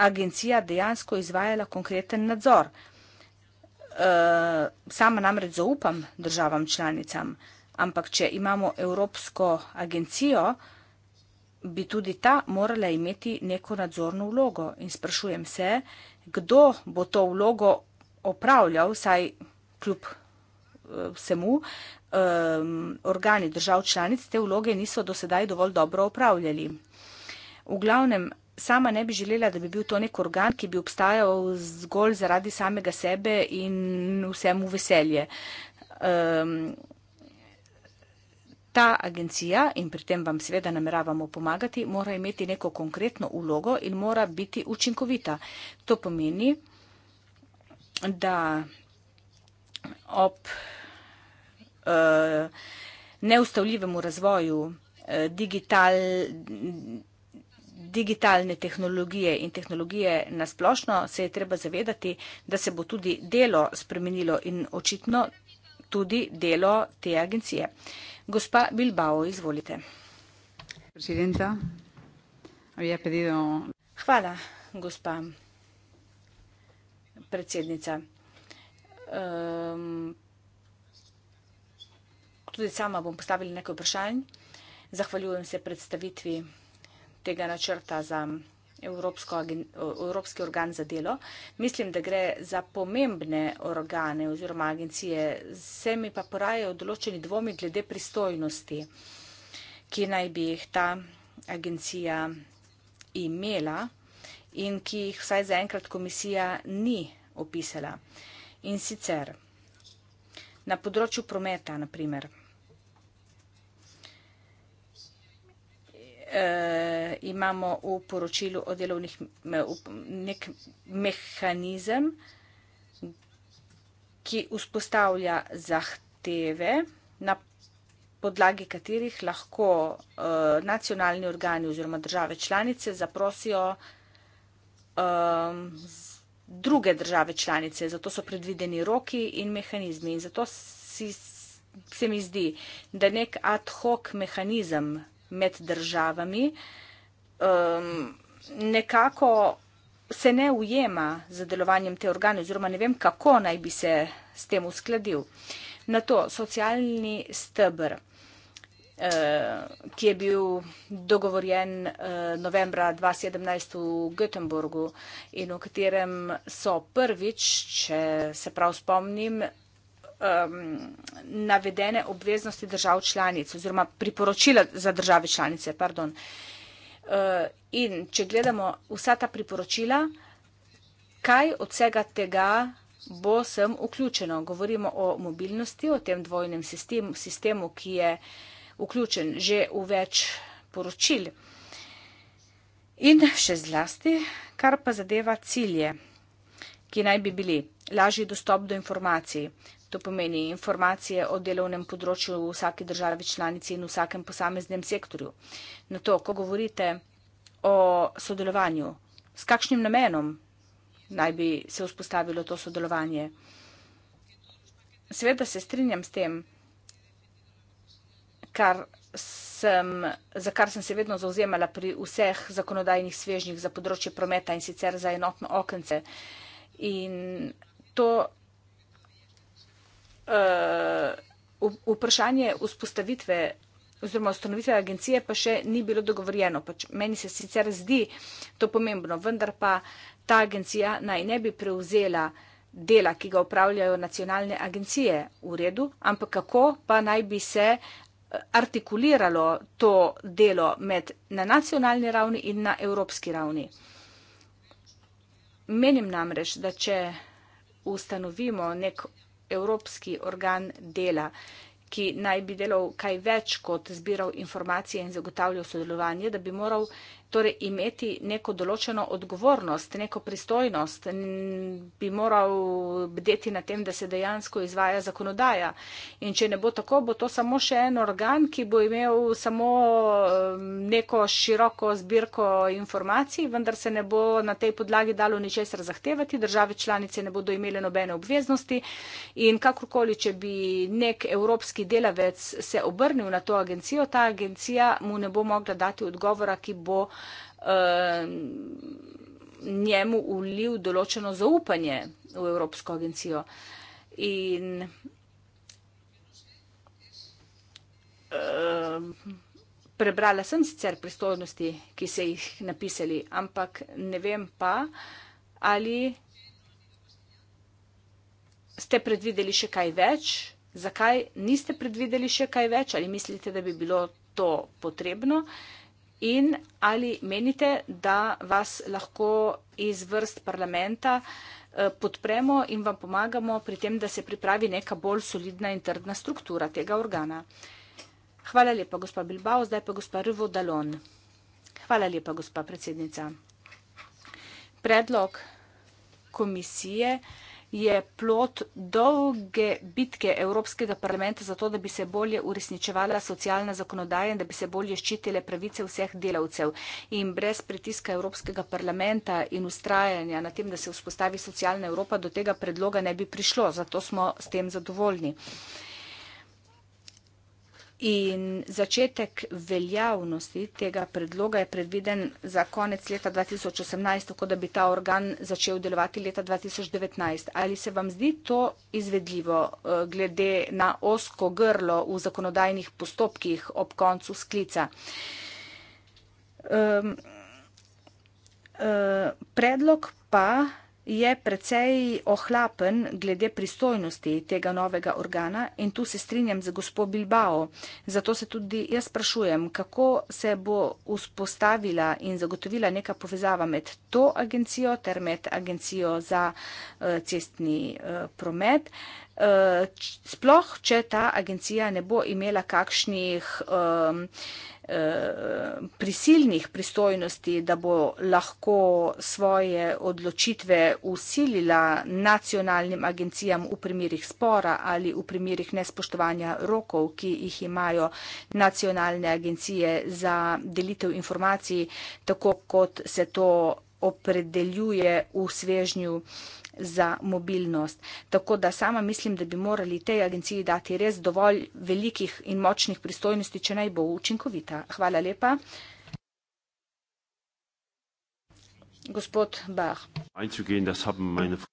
agencija dejansko izvajala konkreten nadzor. E, sama namreč zaupam državam članicam, ampak če imamo Evropsko agencijo, bi tudi ta morala imeti neko nadzorno vlogo. In sprašujem se, kdo bo to vlogo opravljal, saj kljub eh, vsemu um, organi držav članic te vloge niso dosedaj dovolj dobro opravljali. V glavnem, sama ne bi želela, da bi bil to nek organ, ki bi obstajal zgolj zaradi samega sebe in vsemu veselje. Um, Ta agencija, in pri tem vam seveda nameravamo pomagati, mora imeti neko konkretno ulogo in mora biti učinkovita. To pomeni, da ob uh, neustavljivemu razvoju uh, digital, digitalne tehnologije in tehnologije nasplošno se je treba zavedati, da se bo tudi delo spremenilo in očitno tudi delo te agencije. Gospa Bilbao, izvolite. Hvala, gospa predsednica. Um, tudi sama bom postavila nekaj vprašanj. Zahvaljujem se predstavitvi tega načrta za Evropski organ za delo. Mislim, da gre za pomembne organe oziroma agencije. Se mi pa porajajo določeni dvomi glede pristojnosti, ki naj bi jih ta agencija imela in ki jih vsaj zaenkrat komisija ni opisala. In sicer na področju prometa, naprimer. primer. Eh, imamo v poročilu o delovnih nek mehanizem, ki vzpostavlja zahteve, na podlagi katerih lahko eh, nacionalni organi oziroma države članice zaprosijo eh, druge države članice. Zato so predvideni roki in mehanizmi. In zato si, se mi zdi, da nek ad hoc mehanizem med državami, um, nekako se ne ujema z delovanjem te organe, oziroma ne vem, kako naj bi se s tem uskladil. Na to socialni stebr, uh, ki je bil dogovorjen uh, novembra 2017 v Göteborgu in v katerem so prvič, če se prav spomnim, um, navedene obveznosti držav članic oziroma priporočila za države članice. Pardon. Uh, in če gledamo vsa ta priporočila, kaj od vsega tega bo sem vključeno? Govorimo o mobilnosti, o tem dvojnem sistemu, sistemu ki je vključen že v več poročil. In še zlasti, kar pa zadeva cilje, ki naj bi bili lažji dostop do informacij, To pomeni informacije o delovnem področju v vsaki državi članici in v vsakem posameznem sektorju. Na to, ko govorite o sodelovanju, s kakšnim namenom naj bi se vzpostavilo to sodelovanje? Seveda se strinjam s tem, kar sem, za kar sem se vedno zauzemala pri vseh zakonodajnih svežnjih za področje prometa in sicer za enotno okence. In to uh, vprašanje vzpostavitve oziroma ustanovitve agencije pa še ni bilo dogovorjeno. Pač meni se sicer zdi to pomembno, vendar pa ta agencija naj ne bi prevzela dela, ki ga upravljajo nacionalne agencije v redu, ampak kako pa naj bi se eh, artikuliralo to delo med na nacionalni ravni in na evropski ravni. Menim namreč, da če ustanovimo nek evropski organ dela, ki naj bi delal kaj več kot zbiral informacije in zagotavljal sodelovanje, da bi moral torej imeti neko določeno odgovornost, neko pristojnost, bi moral bdeti na tem, da se dejansko izvaja zakonodaja. In če ne bo tako, bo to samo še en organ, ki bo imel samo neko široko zbirko informacij, vendar se ne bo na tej podlagi dalo ničesar zahtevati, države članice ne bodo imele nobene obveznosti in kakorkoli, če bi nek evropski delavec se obrnil na to agencijo, ta agencija mu ne bo mogla dati odgovora, ki bo uh, Um, njemu ulil določeno zaupanje v Evropsko agencijo. In um, prebrala sem sicer pristojnosti, ki se jih napisali, ampak ne vem pa, ali ste predvideli še kaj več, zakaj niste predvideli še kaj več, ali mislite, da bi bilo to potrebno. In ali menite, da vas lahko iz vrst parlamenta eh, podpremo in vam pomagamo pri tem, da se pripravi neka bolj solidna in trdna struktura tega organa. Hvala lepa, gospa Bilbao, zdaj pa gospa Rivo Dalon. Hvala lepa, gospa predsednica. Predlog komisije je plot dolge bitke Evropskega parlamenta za to, da bi se bolje uresničevala socialna zakonodaja in da bi se bolje ščitile pravice vseh delavcev. In brez pritiska Evropskega parlamenta in ustrajanja na tem, da se vzpostavi socialna Evropa, do tega predloga ne bi prišlo. Zato smo s tem zadovoljni. In začetek veljavnosti tega predloga je predviden za konec leta 2018, tako da bi ta organ začel delovati leta 2019. Ali se vam zdi to izvedljivo, eh, glede na osko grlo v zakonodajnih postopkih ob koncu sklica? Um, Predlog pa je precej ohlapen glede pristojnosti tega novega organa in tu se strinjam z gospod Bilbao. Zato se tudi jaz sprašujem, kako se bo vzpostavila in zagotovila neka povezava med to agencijo ter med agencijo za eh, cestni eh, promet. Eh, sploh, če ta agencija ne bo imela kakšnih um, Eh, prisilnih pristojnosti, da bo lahko svoje odločitve usilila nacionalnim agencijam v primerih spora ali v primerih nespoštovanja rokov, ki jih imajo nacionalne agencije za delitev informacij, tako kot se to opredeljuje v svežnju za mobilnost. Tako da sama mislim, da bi morali tej agenciji dati res dovolj velikih in močnih pristojnosti, če naj bo učinkovita. Hvala lepa. Gospod Bach.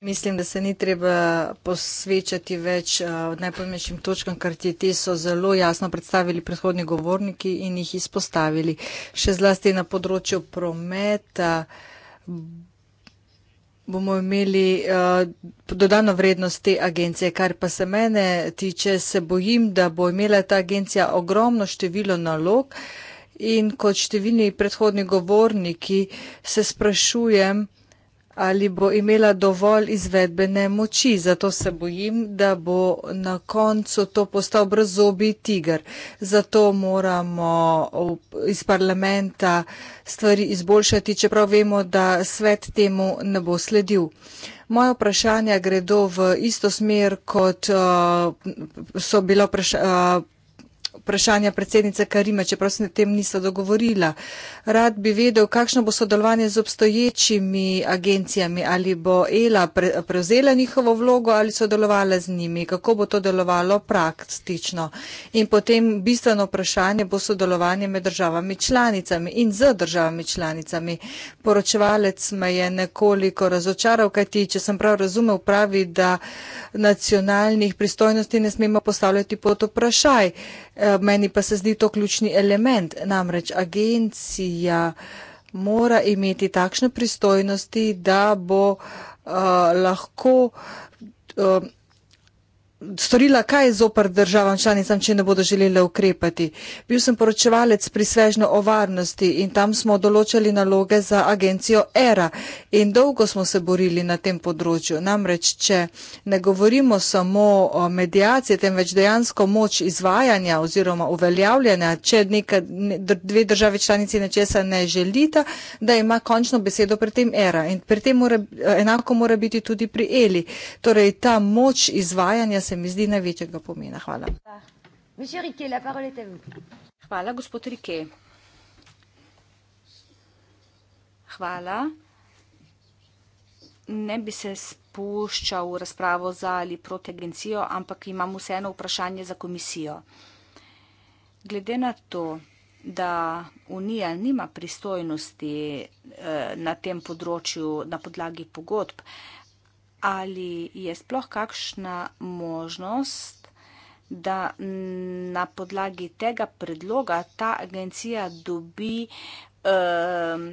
Mislim, da se ni treba posvečati več uh, najpomembnejšim točkam, ker ti te so zelo jasno predstavili predhodni govorniki in jih izpostavili. Še zlasti na področju prometa. Uh, bomo imeli uh, dodano vrednost te agencije. Kar pa se mene tiče, se bojim, da bo imela ta agencija ogromno število nalog in kot številni predhodni govorniki se sprašujem, ali bo imela dovolj izvedbene moči. Zato se bojim, da bo na koncu to postal brzobi tiger. Zato moramo iz parlamenta stvari izboljšati, čeprav vemo, da svet temu ne bo sledil. Moje vprašanja gredo v isto smer, kot uh, so bila vprašanja. Uh, vprašanja predsednice Karime, čeprav se tem niso dogovorila. Rad bi vedel, kakšno bo sodelovanje z obstoječimi agencijami, ali bo ELA pre, prevzela njihovo vlogo ali sodelovala z njimi, kako bo to delovalo praktično. In potem bistveno vprašanje bo sodelovanje med državami članicami in z državami članicami. Poročevalec me je nekoliko razočaral, kajti, če sem prav razumel, pravi, da nacionalnih pristojnosti ne smemo postavljati pod vprašaj. Eh, meni pa se zdi to ključni element, namreč agencija mora imeti takšne pristojnosti, da bo uh, lahko uh, storila kaj zopr državam članicam, če ne bodo želele ukrepati. Bil sem poročevalec pri svežno o varnosti in tam smo določali naloge za agencijo ERA in dolgo smo se borili na tem področju. Namreč, če ne govorimo samo o medijaciji, temveč dejansko moč izvajanja oziroma uveljavljanja, če neka, dve države članici nečesa ne želita, da ima končno besedo pri tem ERA. In pri tem mora, enako mora biti tudi pri ELI. Torej, ta moč izvajanja se se mi zdi največjega pomena. Hvala. Hvala, gospod Rike. Hvala. Ne bi se spuščal v razpravo za ali proti agencijo, ampak imam vseeno vprašanje za komisijo. Glede na to, da Unija nima pristojnosti eh, na tem področju na podlagi pogodb, ali je sploh kakšna možnost, da na podlagi tega predloga ta agencija dobi um,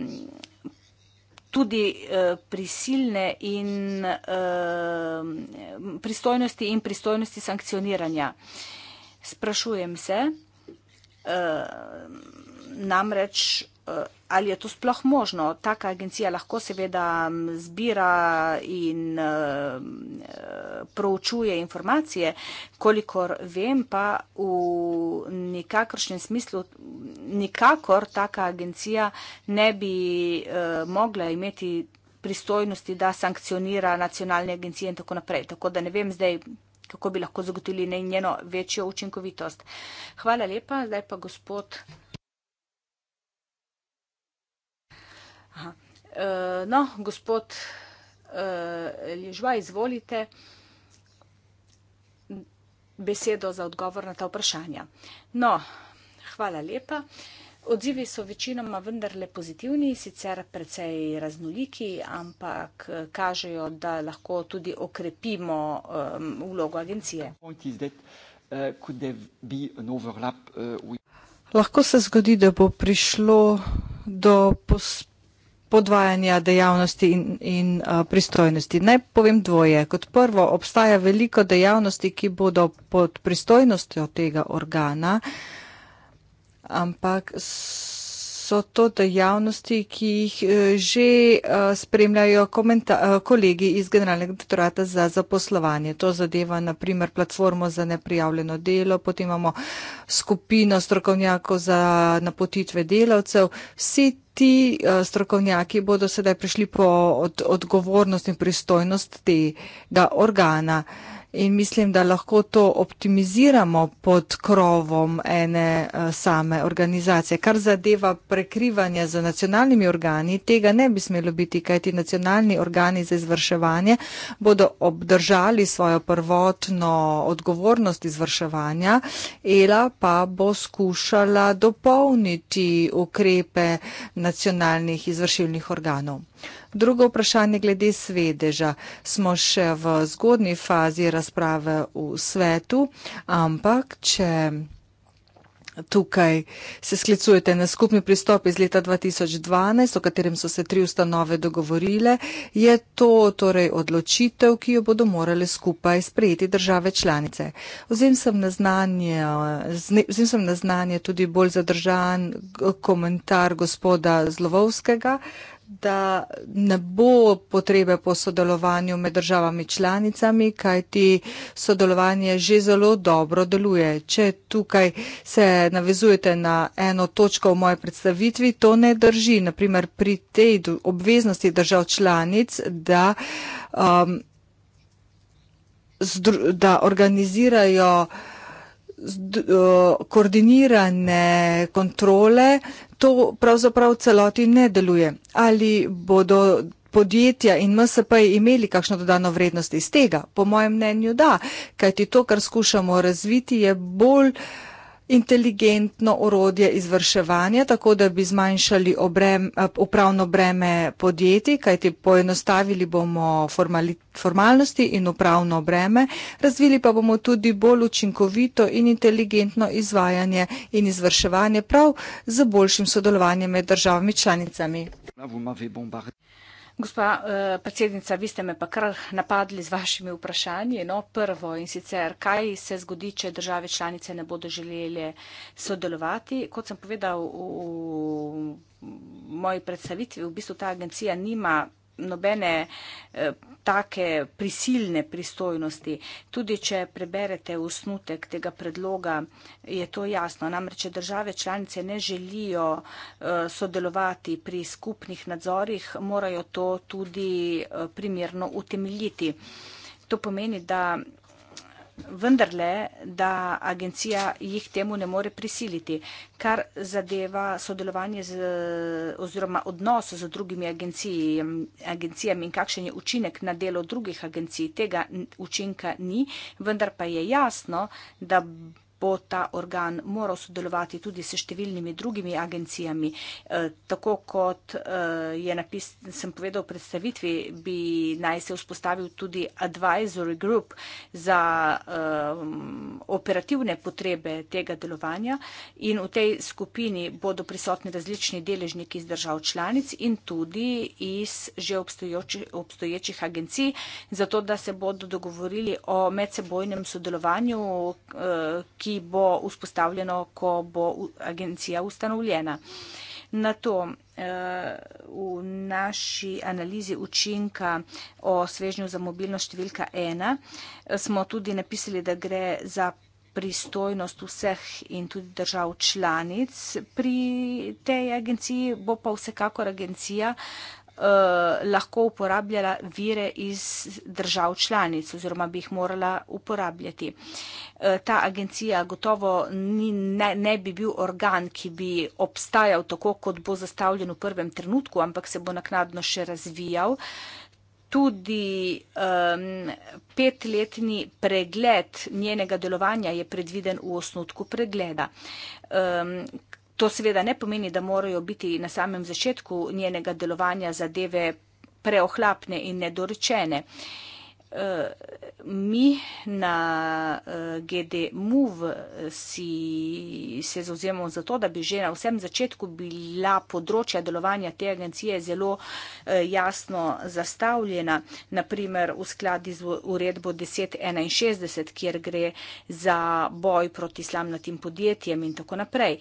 tudi uh, prisilne in uh, pristojnosti in pristojnosti sankcioniranja. Sprašujem se, uh, namreč Eh, ali je to sploh možno. Taka agencija lahko seveda mm, zbira in eh, eh, proučuje informacije, kolikor vem, pa v nikakršnem smislu nikakor taka agencija ne bi mogla imeti pristojnosti, da sankcionira nacionalne agencije in tako naprej. Tako da ne vem zdaj, kako bi lahko zagotovili njeno večjo učinkovitost. Hvala lepa, zdaj pa gospod. Aha. Uh, no, gospod uh, e, Ježva, izvolite besedo za odgovor na ta vprašanja. No, hvala lepa. Odzivi so večinoma vendarle pozitivni, sicer precej raznoliki, ampak e, kažejo, da lahko tudi okrepimo um, vlogo agencije. Lahko se zgodi, da bo prišlo do pospešitev podvajanja dejavnosti in, in uh, pristojnosti. Naj povem dvoje. Kot prvo, obstaja veliko dejavnosti, ki bodo pod pristojnostjo tega organa, ampak. S, so to dejavnosti, ki jih eh, že eh, spremljajo eh, kolegi iz Generalnega doktorata za zaposlovanje. To zadeva naprimer platformo za neprijavljeno delo, potem imamo skupino strokovnjakov za napotitve delavcev. Vsi ti strokovnjaki bodo sedaj prišli po od odgovornost in pristojnost tega organa. In mislim, da lahko to optimiziramo pod krovom ene eh, same organizacije. Kar zadeva prekrivanje z nacionalnimi organi, tega ne bi smelo biti, kajti nacionalni organi za izvrševanje bodo obdržali svojo prvotno odgovornost izvrševanja, ela pa bo skušala dopolniti ukrepe nacionalnih izvršilnih organov. Drugo vprašanje glede svedeža. Smo še v zgodni fazi razprave v svetu, ampak če. Tukaj se sklicujete na skupni pristop iz leta 2012, o katerem so se tri ustanove dogovorile. Je to torej odločitev, ki jo bodo morale skupaj sprejeti države članice. Vzem sem na znanje, vzem sem na znanje tudi bolj zadržan komentar gospoda Zlovovskega, da ne bo potrebe po sodelovanju med državami članicami, kajti sodelovanje že zelo dobro deluje. Če tukaj se navezujete na eno točko v moji predstavitvi, to ne drži. Naprimer, pri tej obveznosti držav članic, da, um, da organizirajo koordinirane kontrole, to pravzaprav celoti ne deluje. Ali bodo podjetja in MSP imeli kakšno dodano vrednost iz tega? Po mojem mnenju da, kajti to, kar skušamo razviti, je bolj uh, inteligentno orodje izvrševanja, tako da bi zmanjšali obrem, upravno breme podjetij, kajti poenostavili bomo formali, formalnosti in upravno breme, razvili pa bomo tudi bolj učinkovito in inteligentno izvajanje in izvrševanje prav z boljšim sodelovanjem med državami članicami. Gospa eh, predsednica, vi ste me pa kar napadli z vašimi vprašanji. No, prvo in sicer, kaj se zgodi, če države članice ne bodo želeli sodelovati? Kot sem povedal v moji predstavitvi, v bistvu ta agencija nima nobene eh, take prisilne pristojnosti. Tudi, če preberete usnutek tega predloga, je to jasno. Namreč države članice ne želijo eh, sodelovati pri skupnih nadzorih, morajo to tudi eh, primerno utemeljiti. To pomeni, da vendarle, da agencija jih temu ne more prisiliti, kar zadeva sodelovanje z, oziroma odnos z drugimi agencijami in kakšen je učinek na delo drugih agencij. Tega učinka ni, vendar pa je jasno, da bo ta organ moral sodelovati tudi s številnimi drugimi agencijami. Eh, tako kot eh, je napis, sem povedal v predstavitvi, bi naj se vzpostavil tudi advisory group za um, operativne potrebe tega delovanja in v tej skupini bodo prisotni različni deležniki iz držav članic in tudi iz že obstoječih, obstoječih agencij, zato da se bodo dogovorili o medsebojnem sodelovanju, ki ki bo vzpostavljeno, ko bo agencija ustanovljena. Na to eh, v naši analizi učinka o svežnju za mobilnost številka 1 eh, smo tudi napisali, da gre za pristojnost vseh in tudi držav članic. Pri tej agenciji bo pa vsekakor agencija uh, Eh, lahko uporabljala vire iz držav članic oziroma bi jih morala uporabljati. Eh, ta agencija gotovo ni, ne, ne bi bil organ, ki bi obstajal tako, kot bo zastavljen v prvem trenutku, ampak se bo naknadno še razvijal. Tudi um, petletni pregled njenega delovanja je predviden v osnutku pregleda. Um, To seveda ne pomeni, da morajo biti na samem začetku njenega delovanja zadeve preohlapne in nedorečene. Eh, mi na uh, eh, GD MUV si se zauzemamo za to, da bi že na vsem začetku bila področja delovanja te agencije zelo uh, jasno zastavljena, naprimer v skladi z uredbo 1061, kjer gre za boj proti slamnatim podjetjem in tako naprej.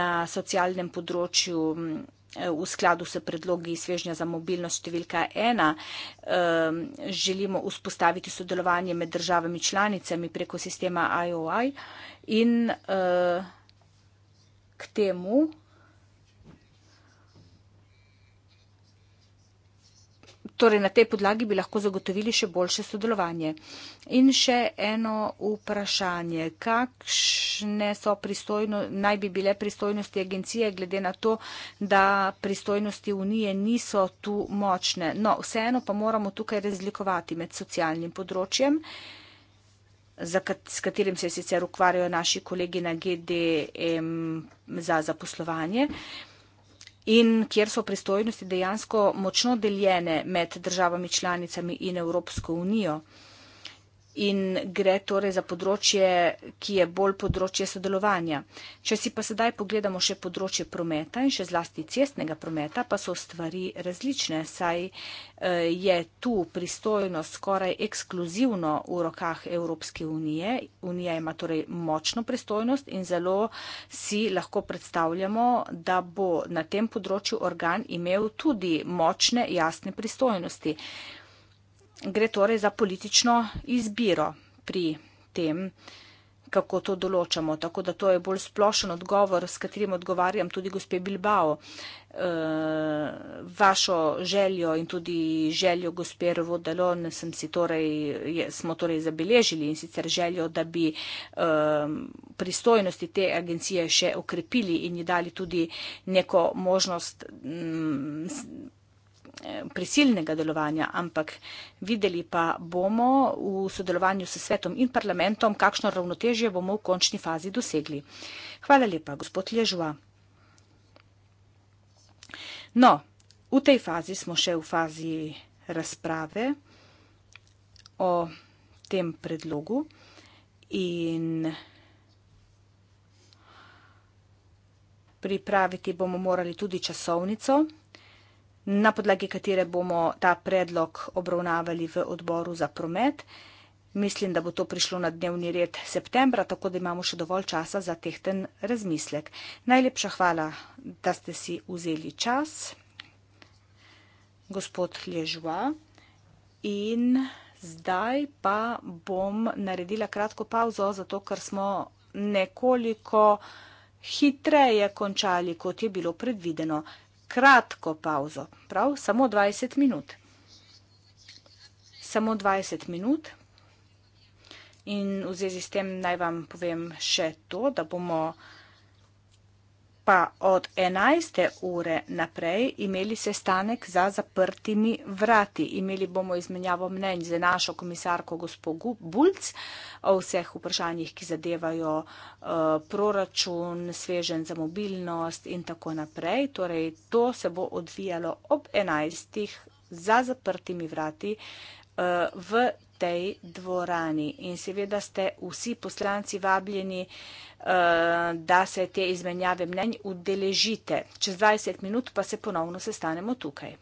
Na socialnem področju m, mm, v skladu s predlogi svežnja za mobilnost številka ena želimo vzpostaviti sodelovanje med državami članicami preko sistema IOI in eh, k temu Torej, na tej podlagi bi lahko zagotovili še boljše sodelovanje. In še eno vprašanje. Kakšne so pristojno, naj bi bile pristojnosti agencije, glede na to, da pristojnosti unije niso tu močne? No, vseeno pa moramo tukaj razlikovati med socialnim področjem, kat, s katerim se sicer ukvarjajo naši kolegi na GDM za zaposlovanje in kjer so pristojnosti dejansko močno deljene med državami članicami in Evropsko unijo in gre torej za področje, ki je bolj področje sodelovanja. Če si pa sedaj pogledamo še področje prometa in še zlasti cestnega prometa, pa so stvari različne, saj eh, je tu pristojnost skoraj ekskluzivno v rokah Evropske unije. Unija ima torej močno pristojnost in zelo si lahko predstavljamo, da bo na tem področju organ imel tudi močne, jasne pristojnosti gre torej za politično izbiro pri tem, kako to določamo. Tako da to je bolj splošen odgovor, s katerim odgovarjam tudi gospe Bilbao. E, vašo željo in tudi željo gospe Rovodalon torej, smo torej zabeležili in sicer željo, da bi e, pristojnosti te agencije še okrepili in ji dali tudi neko možnost. M, Eh, prisilnega delovanja, ampak videli pa bomo v sodelovanju s svetom in parlamentom, kakšno ravnotežje bomo v končni fazi dosegli. Hvala lepa, gospod Ležva. No, v tej fazi smo še v fazi razprave o tem predlogu in pripraviti bomo morali tudi časovnico na podlagi katere bomo ta predlog obravnavali v odboru za promet. Mislim, da bo to prišlo na dnevni red septembra, tako da imamo še dovolj časa za tehten razmislek. Najlepša hvala, da ste si vzeli čas, gospod Ležva. In zdaj pa bom naredila kratko pauzo, zato ker smo nekoliko hitreje končali, kot je bilo predvideno kratko pauzo, prav, samo 20 minut. Samo 20 minut. In v zvezi s tem naj vam povem še to, da bomo pa od 11. ure naprej imeli sestanek za zaprtimi vrati. Imeli bomo izmenjavo mnenj za našo komisarko gospo Bulc o vseh vprašanjih, ki zadevajo eh, proračun, svežen za mobilnost in tako naprej. Torej, to se bo odvijalo ob 11. za zaprtimi vrati eh, v tej dvorani. In seveda ste vsi poslanci vabljeni, eh, da se te izmenjave mnenj udeležite. Čez 20 minut pa se ponovno sestanemo tukaj.